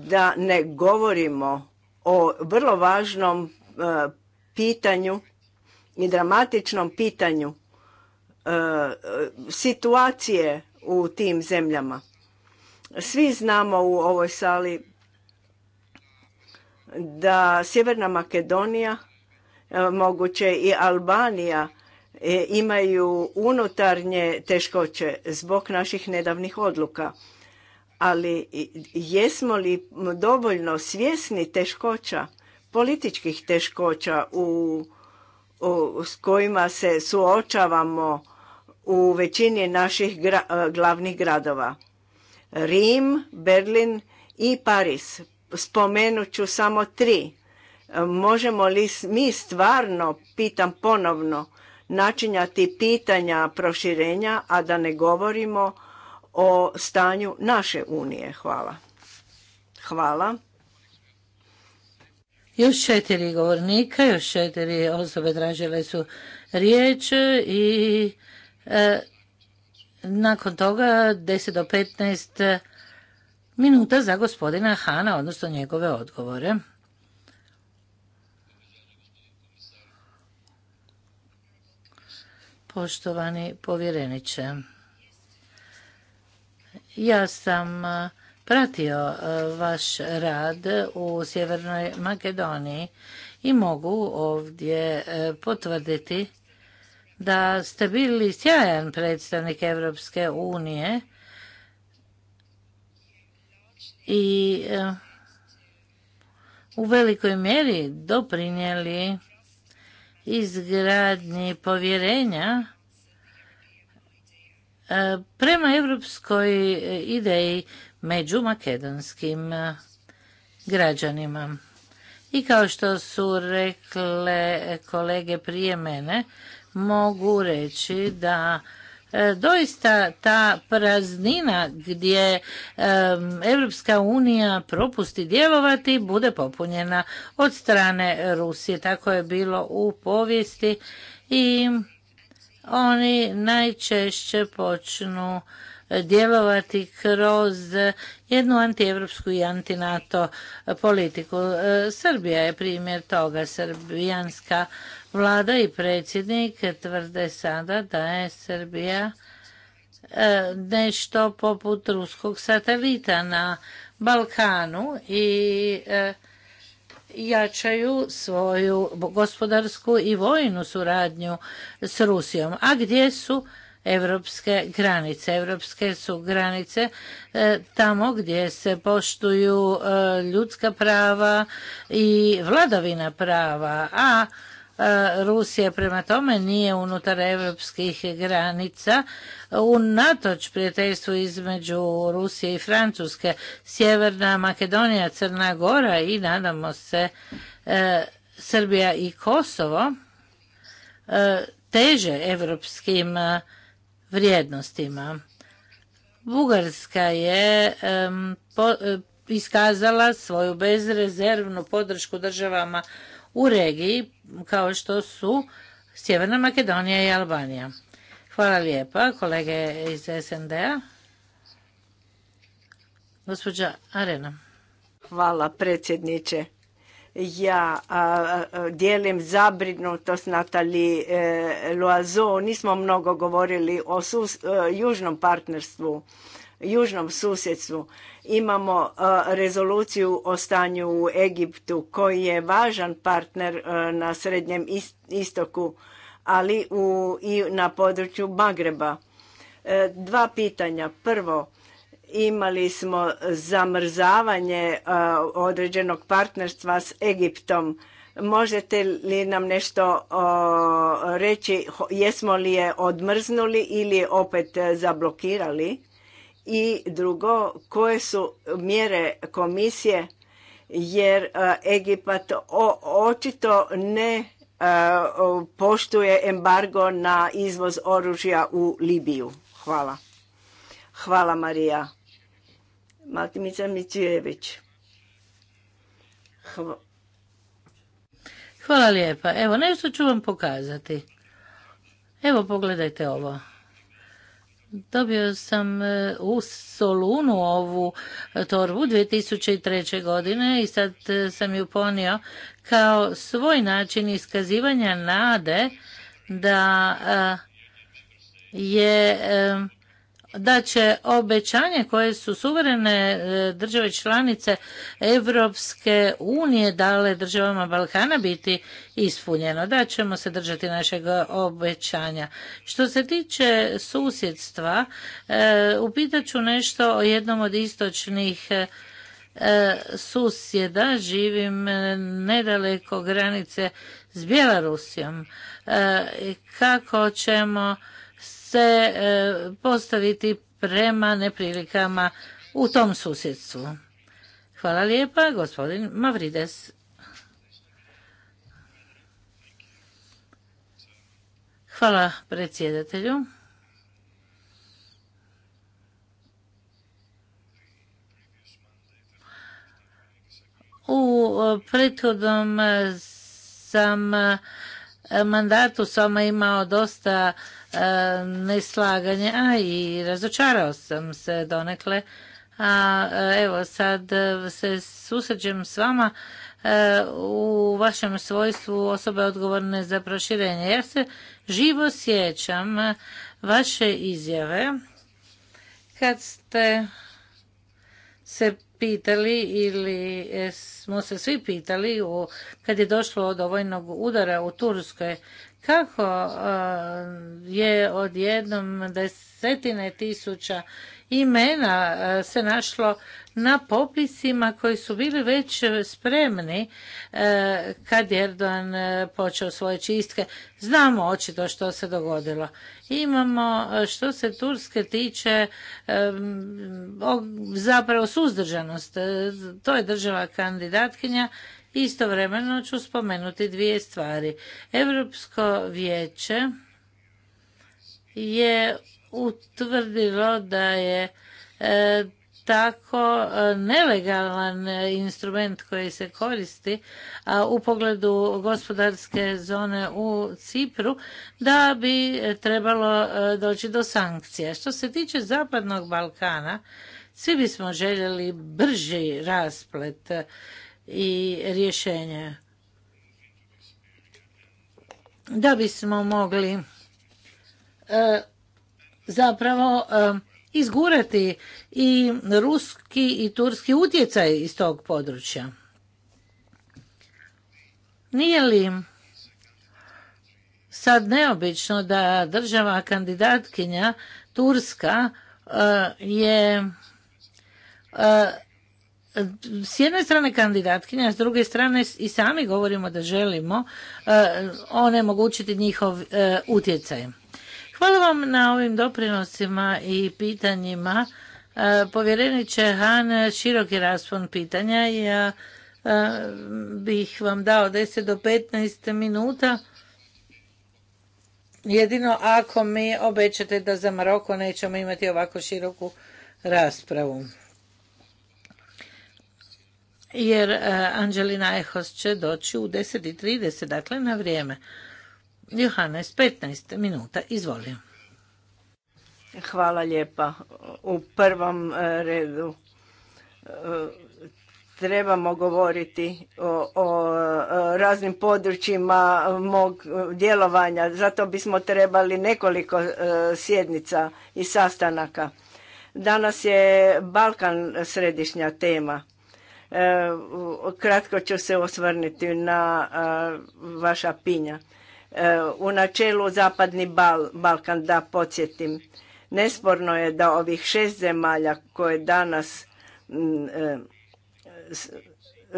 da ne govorimo o vrlo važnom eh, pitanju i dramatičnom pitanju e, situacije u tim zemljama. Svi znamo u ovoj sali da Sjeverna Makedonija, e, moguće i Albanija e, imaju unutarnje teškoće zbog naših nedavnih odluka. Ali jesmo li dovoljno svjesni teškoća, političkih teškoća u s kojima se suočavamo u većini naših e, glavnih gradova. Rim, Berlin i Paris. Spomenut ću samo tri. E, možemo li mi stvarno, pitam ponovno, načinjati pitanja proširenja, a da ne govorimo o stanju naše unije? Hvala. Hvala. Još četiri govornika, još četiri osobe tražile su riječ i e, nakon toga 10 do 15 minuta za gospodina Hana, odnosno njegove odgovore. Poštovani povjereniče, ja sam pratio e, vaš rad u Sjevernoj Makedoniji i mogu ovdje e, potvrditi da ste bili sjajan predstavnik Europske unije i e, u velikoj mjeri doprinijeli izgradnji povjerenja prema europskoj ideji među makedonskim eh, građanima. I kao što su rekle kolege prije mene, mogu reći da eh, doista ta praznina gdje Europska eh, unija propusti djelovati bude popunjena od strane Rusije. Tako je bilo u povijesti i oni najčešće počnu djelovati kroz jednu antievropsku i antinato politiku. E, Srbija je primjer toga. Srbijanska vlada i predsjednik tvrde sada da je Srbija e, nešto poput ruskog satelita na Balkanu i e, jačaju svoju gospodarsku i vojnu suradnju s Rusijom. A gdje su europske granice. Europske su granice e, tamo gdje se poštuju e, ljudska prava i vladavina prava, a e, Rusija prema tome nije unutar europskih granica. U Unatoč prijateljstvu između Rusije i Francuske, Sjeverna Makedonija, Crna Gora i nadamo se Srbija i Kosovo teže europskim vrijednostima. Bugarska je e, iskazala svoju bezrezervnu podršku državama u regiji kao što su Sjeverna Makedonija i Albanija. Hvala lijepa kolege iz SND-a. Gospođa Arena. Hvala predsjedniče. Ja dijelim zabrinutost Natali e, Loazo. Nismo mnogo govorili o e, južnom partnerstvu, južnom susjedstvu. Imamo e, rezoluciju o stanju u Egiptu koji je važan partner na Srednjem istoku, ali u, i na području Magreba. Dva pitanja. Prvo, imali smo zamrzavanje e, određenog partnerstva s Egiptom. Možete li nam nešto reći, jesmo li je odmrznuli ili opet zablokirali? I drugo, koje su mjere komisije jer e, Egipat očito ne e, poštuje embargo na izvoz oružja u Libiju. Hvala. Hvala Marija. Matimica Micijević. Hvala lijepa. Evo, nešto ću vam pokazati. Evo, pogledajte ovo. Dobio sam e, u Solunu ovu e, torbu 2003. godine i sad e, sam ju ponio kao svoj način iskazivanja nade da je da će obećanje koje su suverene e, države članice Evropske unije dale državama Balkana biti ispunjeno, da ćemo se držati našeg obećanja. Što se tiče susjedstva, e, upitat nešto o jednom od istočnih e, susjeda, živim nedaleko granice s Bjelorusijom. Kako ćemo se e, postaviti prema neprilikama u tom susjedstvu. Hvala lijepa, gospodin Mavrides. Hvala predsjedatelju. U e, prethodnom e, sam E, mandatu samo imao dosta e, neslaganja i razočarao sam se donekle. A e, evo sad se susrećem s vama u vašem svojstvu osobe odgovorne za proširenje. Ja se živo sjećam vaše izjave kad ste se pitali ili e, smo se svi pitali u, kad je došlo do vojnog udara u Turskoj kako e, je odjednom desetine tisuća imena e, se našlo na popisima koji su bili već spremni e, kad je Erdogan e, počeo svoje čistke. Znamo očito što se dogodilo. Imamo što se Turske tiče zapravo suzdržanost. To je država kandidatkinja Istovremeno ću spomenuti dvije stvari. Europsko vijeće je utvrdilo da je e, tako e, nelegalan instrument koji se koristi a u pogledu gospodarske zone u Cipru da bi trebalo e, doći do sankcija. Što se tiče Zapadnog Balkana, svi bismo željeli brži rasplet i rješenje da bismo mogli zapravo izgurati i ruski i turski utjecaj iz tog područja. Nije li sad neobično da država kandidatkinja Turska eh, je eh, s jedne strane kandidatkinja, s druge strane i sami govorimo da želimo eh, onemogućiti njihov utjecaj. Hvala vam na ovim doprinosima i pitanjima. E, povjereniče Han, široki raspon pitanja. Ja e, bih vam dao 10 do 15 minuta. Jedino ako mi obećate da za Maroko nećemo imati ovako široku raspravu. Jer e, Anđelina Ehos će doći u 10.30, dakle na vrijeme. Johannes, 15 minuta, izvoli. Hvala lijepa. U prvom e, redu e, trebamo govoriti o, o e, raznim područjima mog djelovanja. Zato bismo trebali nekoliko sjednica i sastanaka. Danas je Balkan središnja tema. Kratko ću se osvrnuti na vaša pinja. Eh, u načelu Zapadni Balkan, da podsjetim, nesporno je da ovih šest zemalja koje danas mm, eh,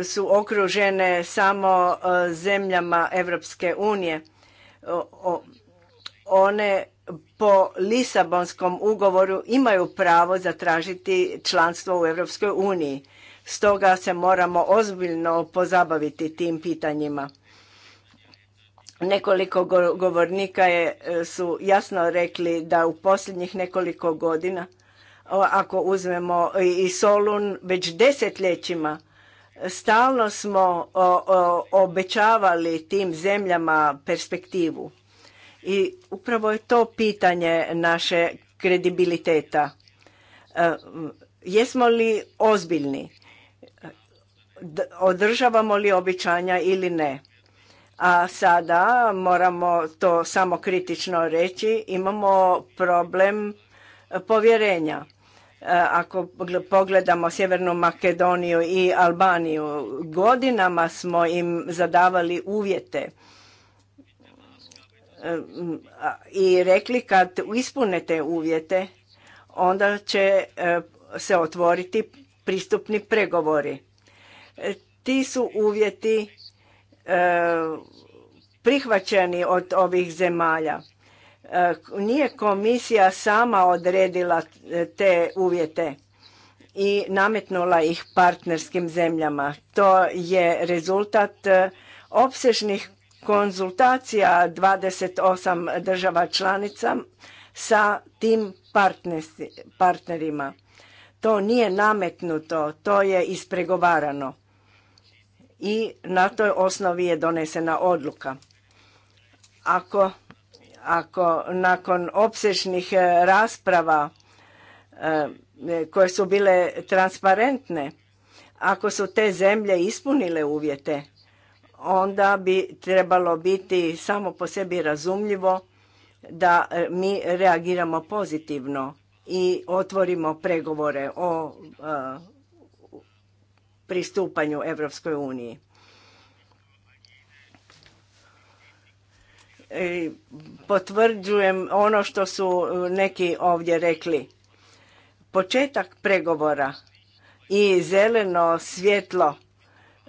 su okružene samo eh, zemljama Evropske unije, one po Lisabonskom ugovoru imaju pravo zatražiti članstvo u Europskoj uniji. Stoga se moramo ozbiljno pozabaviti tim pitanjima. Nekoliko govornika je, e, su jasno rekli da u posljednjih nekoliko godina, ako uzmemo i Solun, već desetljećima stalno smo obećavali tim zemljama perspektivu. I upravo je to pitanje naše kredibiliteta. E, jesmo li ozbiljni? Održavamo li obećanja ili ne? A sada moramo to samo kritično reći, imamo problem povjerenja. E, ako pogledamo Sjevernu Makedoniju i Albaniju, godinama smo im zadavali uvjete e, i rekli kad ispunete uvjete, onda će e, se otvoriti pristupni pregovori. Ti su uvjeti prihvaćeni od ovih zemalja. E, nije komisija sama odredila te uvjete i nametnula ih partnerskim zemljama. To je rezultat e, opsežnih konzultacija 28 država članica sa tim partnerima. To nije nametnuto, to je ispregovarano i na toj osnovi je donesena odluka. Ako, ako nakon opsežnih e, rasprava e, koje su bile transparentne, ako su te zemlje ispunile uvjete, onda bi trebalo biti samo po sebi razumljivo da e, mi reagiramo pozitivno i otvorimo pregovore o pristupanju Europskoj uniji. E, potvrđujem ono što su neki ovdje rekli. Početak pregovora i zeleno svjetlo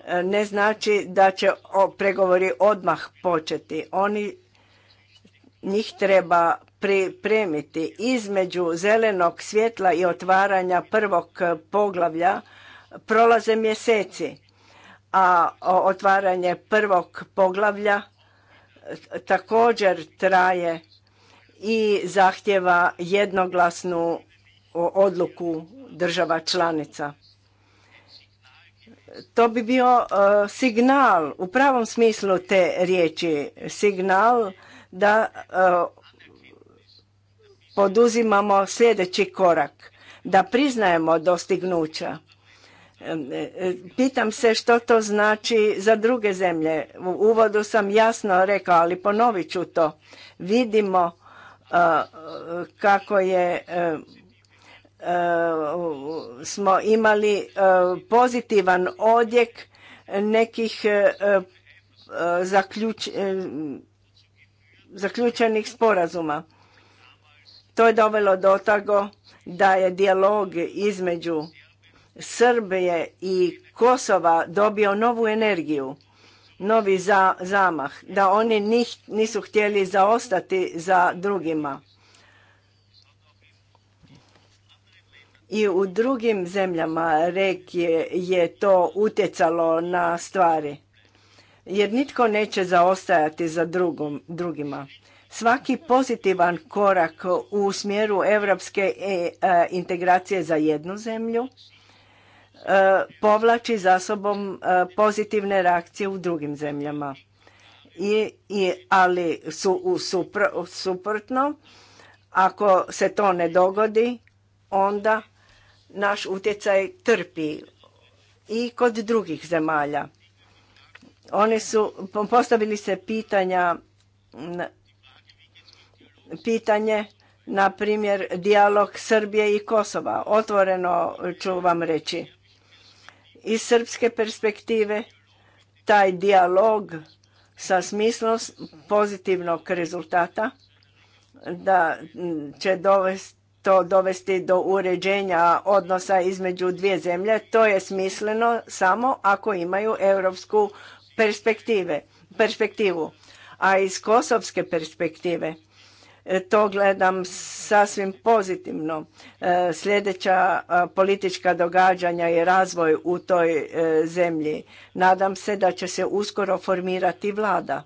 e, ne znači da će pregovori odmah početi. Oni njih treba pripremiti između zelenog svjetla i otvaranja prvog poglavlja prolaze mjeseci, a otvaranje prvog poglavlja e, također traje i zahtjeva jednoglasnu odluku država članica. To bi bio e, signal, u pravom smislu te riječi, signal da e, poduzimamo sljedeći korak, da priznajemo dostignuća E, e, pitam se što to znači za druge zemlje. U uvodu sam jasno rekao, ali ponovit ću to. Vidimo e, kako je smo imali pozitivan odjek nekih zaključenih sporazuma. To je dovelo do toga da je dijalog između Srbije i Kosova dobio novu energiju, novi za, zamah, da oni nisu htjeli zaostati za drugima. I u drugim zemljama regije je to utjecalo na stvari. Jer nitko neće zaostajati za drugom, drugima. Svaki pozitivan korak u smjeru evropske e, e, integracije za jednu zemlju povlači za sobom e, pozitivne reakcije u drugim zemljama. I, ali su u suprotno, ako se to ne dogodi, onda naš utjecaj trpi i kod drugih zemalja. Oni su postavili se pitanja pitanje na primjer dijalog Srbije i Kosova. Otvoreno ću vam reći iz srpske perspektive taj dijalog sa smislom pozitivnog rezultata da će dovesti, to dovesti do uređenja odnosa između dvije zemlje, to je smisleno samo ako imaju europsku perspektive, perspektivu. A iz kosovske perspektive E, to gledam sasvim pozitivno. E, sljedeća politička događanja i razvoj u toj e, zemlji. Nadam se da će se uskoro formirati vlada.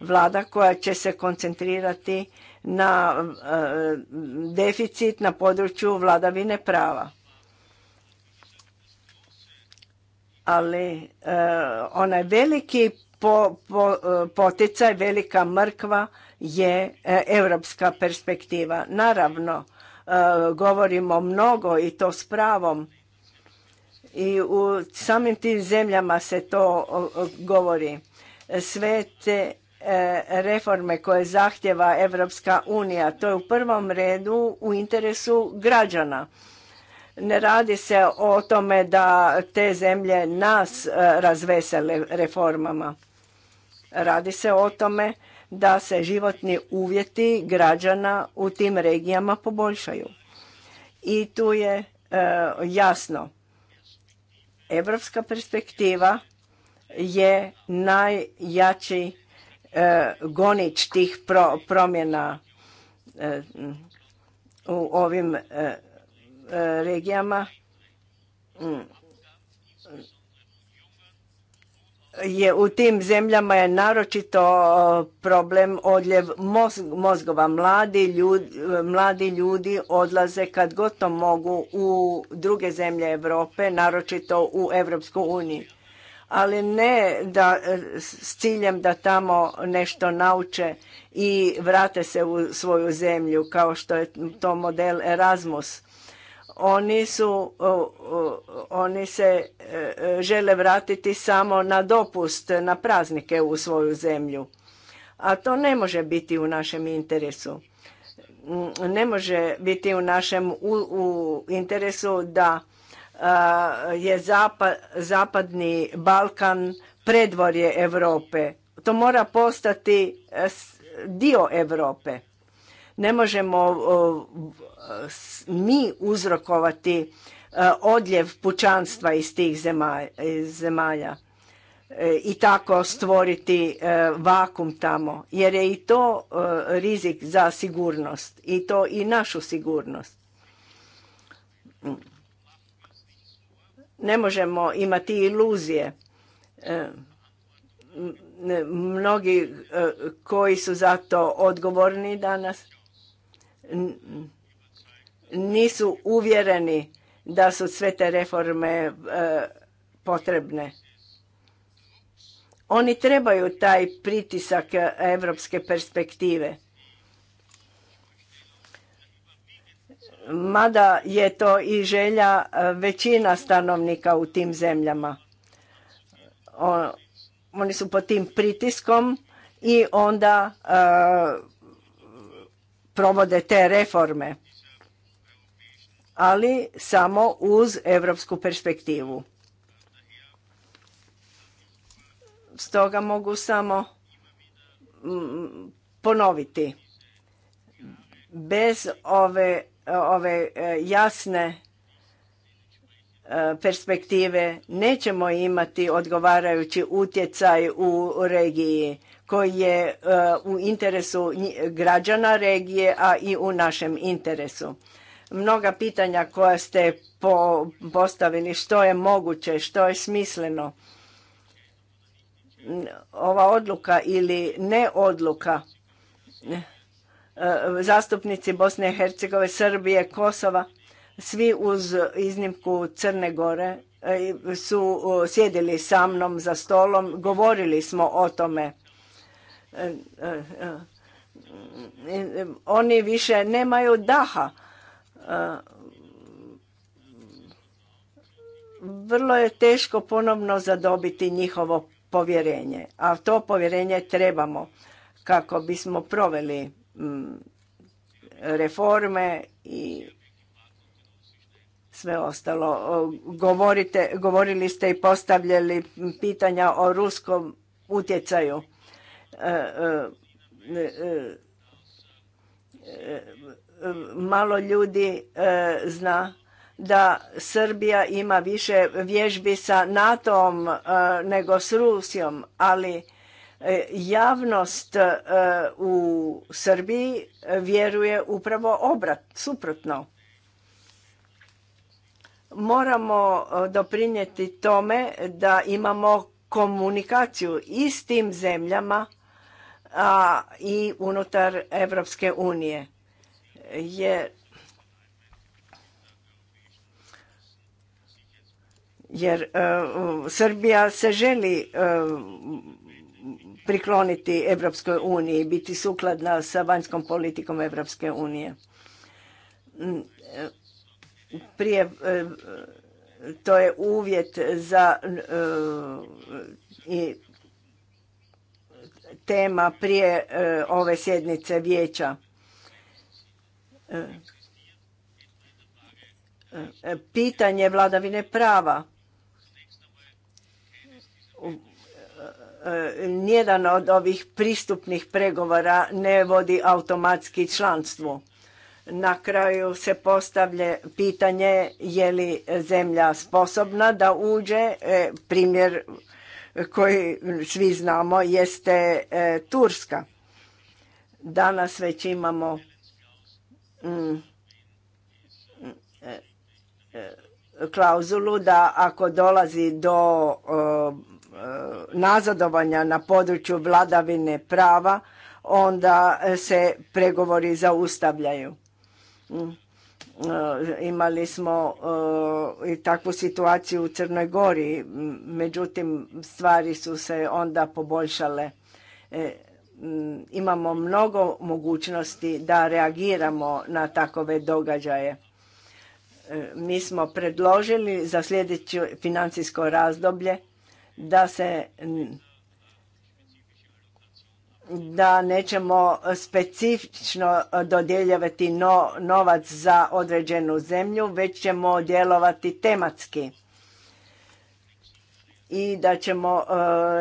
Vlada koja će se koncentrirati na deficit na području vladavine prava. ali onaj veliki poticaj, velika mrkva je europska perspektiva. Naravno, e, govorimo mnogo i to s pravom i u samim tim zemljama se to govori. Sve te e, reforme koje zahtjeva Evropska unija, to je u prvom redu u interesu građana. Ne radi se o tome da te zemlje nas e, razvesele reformama. Radi se o tome da se životni uvjeti građana u tim regijama poboljšaju. I tu je e, jasno, evropska perspektiva je najjači e, gonič tih promjena e, u ovim regijama mm. je u tim zemljama je naročito problem odljev mozgova. Mladi ljudi, mladi ljudi odlaze kad god to mogu u druge zemlje Europe, naročito u Europsku uniju. Ali ne da s ciljem da tamo nešto nauče i vrate se u svoju zemlju kao što je to model Erasmus oni su, oni se e, žele vratiti samo na dopust, na praznike u svoju zemlju. A to ne može biti u našem interesu. Mm, ne može biti u našem u, interesu da je zapadni Balkan predvorje Europe. To mora postati e, dio Europe. Ne možemo mi uzrokovati e, odljev pučanstva iz tih zemalja e, i tako stvoriti e, vakum tamo jer je i to rizik za sigurnost i to i našu sigurnost. Ne možemo imati iluzije. Mnogi koji su za to odgovorni danas nisu uvjereni da su sve te reforme e, potrebne. Oni trebaju taj pritisak e, evropske perspektive. Mada je to i želja e, većina stanovnika u tim zemljama. oni su pod tim pritiskom i onda provode te reforme ali samo uz europsku perspektivu. Stoga mogu samo mm, ponoviti. Bez ove, ove e, jasne e, perspektive nećemo imati odgovarajući utjecaj u regiji koji je e, u interesu građana regije, a i u našem interesu. Mnoga pitanja koja ste postavili, što je moguće, što je smisleno, ova odluka ili ne odluka e, zastupnici Bosne i Hercegove, Srbije, Kosova, svi uz iznimku Crne Gore e, su e, sjedili sa mnom za stolom, govorili smo o tome. Oni više nemaju daha vrlo je teško ponovno zadobiti njihovo povjerenje, a to povjerenje trebamo kako bismo proveli mm, reforme i sve ostalo. Govorite, govorili ste i postavljali pitanja o ruskom utjecaju. E, e, e, e malo ljudi e, zna da Srbija ima više vježbi sa NATO-om e, nego s Rusijom, ali e, javnost u Srbiji vjeruje upravo obrat, suprotno. Moramo doprinijeti tome da imamo komunikaciju i s tim zemljama a i unutar Evropske unije jer jer Srbija se želi e, prikloniti Evropskoj uniji, biti sukladna sa vanjskom politikom Evropske unije. Mm, e, e, to je uvjet za i tema prije ove sjednice vijeća E, e, pitanje vladavine prava. E, nijedan od ovih pristupnih pregovora ne vodi automatski članstvu. Na kraju se postavlja pitanje je li zemlja sposobna da uđe. Primjer koji svi znamo jeste Turska. Danas već imamo klauzulu da ako dolazi do nazadovanja na području vladavine prava, onda se pregovori zaustavljaju. Mm. Imali smo i takvu situaciju u Crnoj Gori, međutim stvari su se onda poboljšale. E, Mm, imamo mnogo mogućnosti da reagiramo na takove događaje. E, mi smo predložili za sljedeće financijsko razdoblje da se mm, da nećemo specifično dodjeljivati novac za određenu zemlju, već ćemo djelovati tematski i da ćemo e,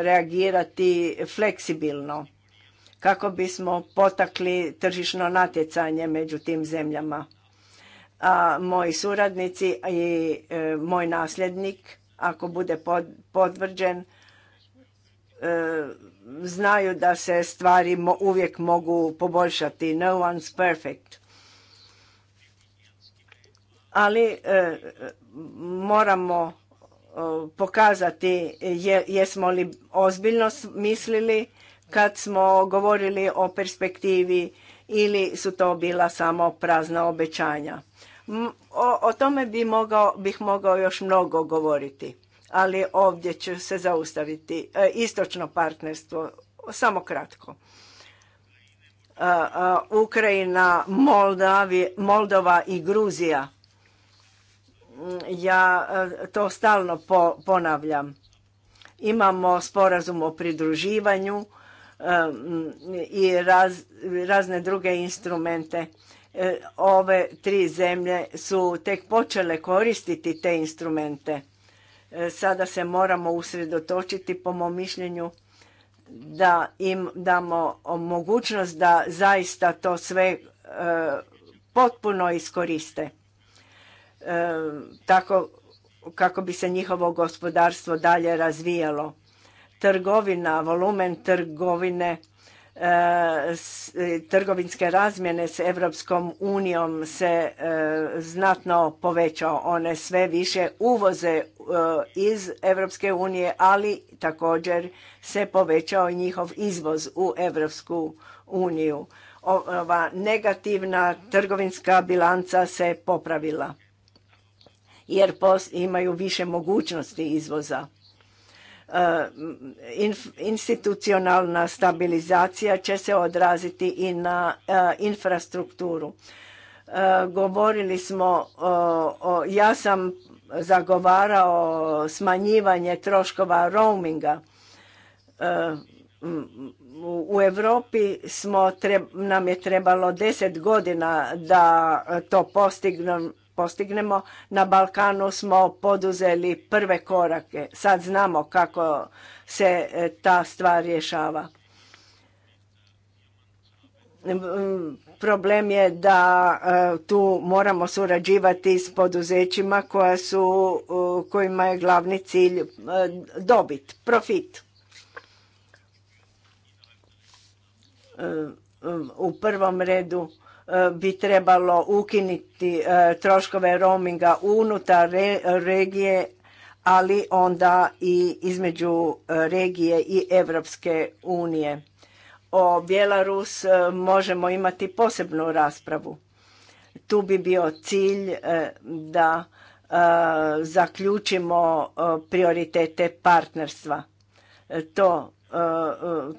reagirati fleksibilno kako bismo potakli tržišno natjecanje među tim zemljama. A moji suradnici i e, moj nasljednik, ako bude podvrđen, e, znaju da se stvari uvijek mogu poboljšati. No one's perfect. Ali e, moramo pokazati jesmo li ozbiljno mislili kad smo govorili o perspektivi ili su to bila samo prazna obećanja. O, o tome bi mogao, bih mogao još mnogo govoriti, ali ovdje ću se zaustaviti. E, istočno partnerstvo, samo kratko. E, e, Ukrajina, Moldavi, Moldova i Gruzija. Ja to stalno ponavljam. Imamo sporazum o pridruživanju, i razne druge instrumente. E, ove tri zemlje su tek počele koristiti te instrumente. E, sada se moramo usredotočiti, po mom mišljenju, da im damo mogućnost da zaista to sve e, potpuno iskoriste. Tako kako bi se njihovo gospodarstvo dalje razvijalo Trgovina, volumen trgovine, e, e, trgovinske razmjene s Europskom unijom se e, znatno povećao. One sve više uvoze iz Europske unije, ali također se povećao njihov izvoz u Europsku uniju. Ova negativna trgovinska bilanca se popravila jer imaju više mogućnosti izvoza Eh, institucionalna stabilizacija će se odraziti i na eh, infrastrukturu. Eh, govorili smo, ja sam zagovarao smanjivanje troškova roaminga. U Europi smo nam je trebalo deset godina da to postignemo postignemo. Na Balkanu smo poduzeli prve korake. Sad znamo kako se e, ta stvar rješava. Problem je da e, tu moramo surađivati s poduzećima koja su, kojima je glavni cilj e, dobit, profit. U prvom redu bi trebalo ukinuti e, troškove roaminga unutar regije, ali onda i između e, regije i Evropske unije. O Bjelarus e, možemo imati posebnu raspravu. Tu bi bio cilj da zaključimo prioritete partnerstva. To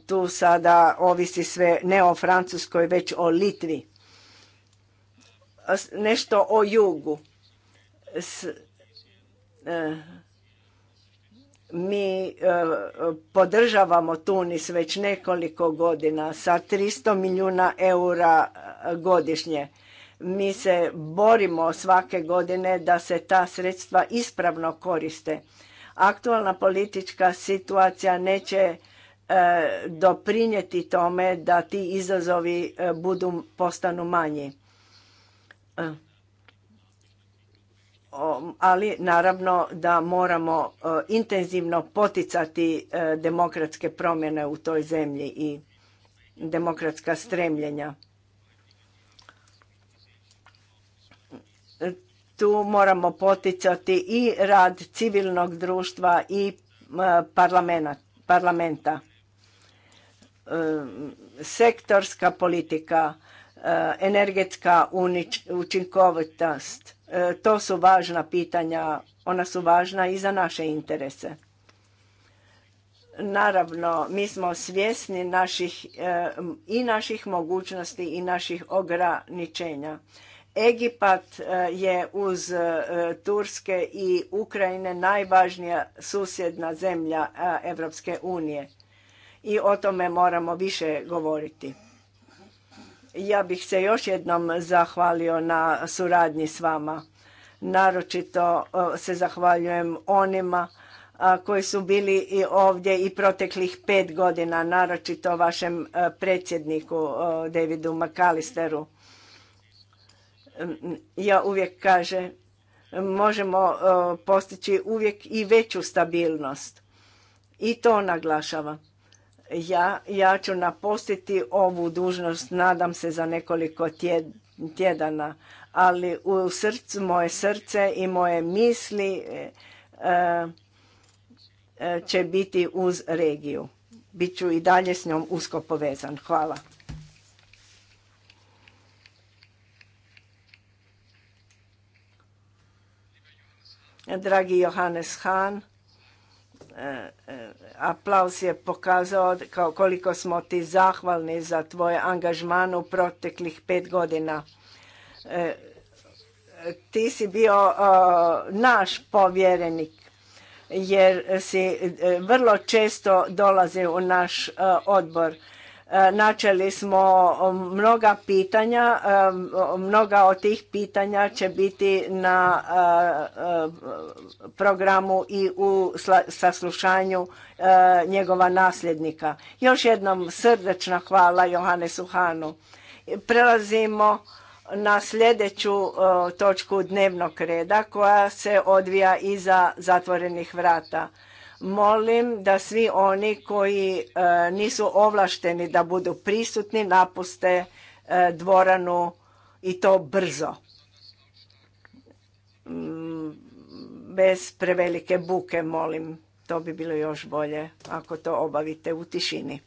tu sada ovisi sve ne o Francuskoj, već o Litvi nešto o jugu. S, e, mi e, podržavamo Tunis već nekoliko godina sa 300 milijuna eura e, godišnje. Mi se borimo svake godine da se ta sredstva ispravno koriste. Aktualna politička situacija neće doprinijeti tome da ti izazovi budu postanu manji ali naravno da moramo e, intenzivno poticati e, demokratske promjene u toj zemlji i demokratska stremljenja. Tu moramo poticati i rad civilnog društva i e, parlamenta. Sektorska politika Eh, energetska učinkovitost. Eh, to su važna pitanja, ona su važna i za naše interese. Naravno, mi smo svjesni naših, eh, i naših mogućnosti i naših ograničenja. Egipat je uz Turske i Ukrajine najvažnija susjedna zemlja Europske unije i o tome moramo više govoriti. Ja bih se još jednom zahvalio na suradnji s vama. Naročito se zahvaljujem onima koji su bili i ovdje i proteklih pet godina, naročito vašem e, predsjedniku Davidu McAllisteru. Mm, ja uvijek kažem, možemo postići uvijek i veću stabilnost. I to naglašavam ja, ja ću napustiti ovu dužnost, nadam se, za nekoliko tjedana, ali u srcu, moje srce i moje misli e, e, e, će biti uz regiju. Biću i dalje s njom usko povezan. Hvala. Dragi Johannes Hahn, aplaus je pokazao kao koliko smo ti zahvalni za tvoj angažman u proteklih pet godina. E, ti si bio e, naš povjerenik jer si e, vrlo često dolazi u naš odbor Načeli smo mnoga pitanja, mnoga od tih pitanja će biti na programu i u saslušanju njegova nasljednika. Još jednom srdečna hvala Johannesu Hanu. Prelazimo na sljedeću točku dnevnog reda koja se odvija iza zatvorenih vrata. Molim da svi oni koji e, nisu ovlašteni da budu prisutni napuste e, dvoranu i to brzo. Mm, bez prevelike buke, molim. To bi bilo još bolje ako to obavite u tišini.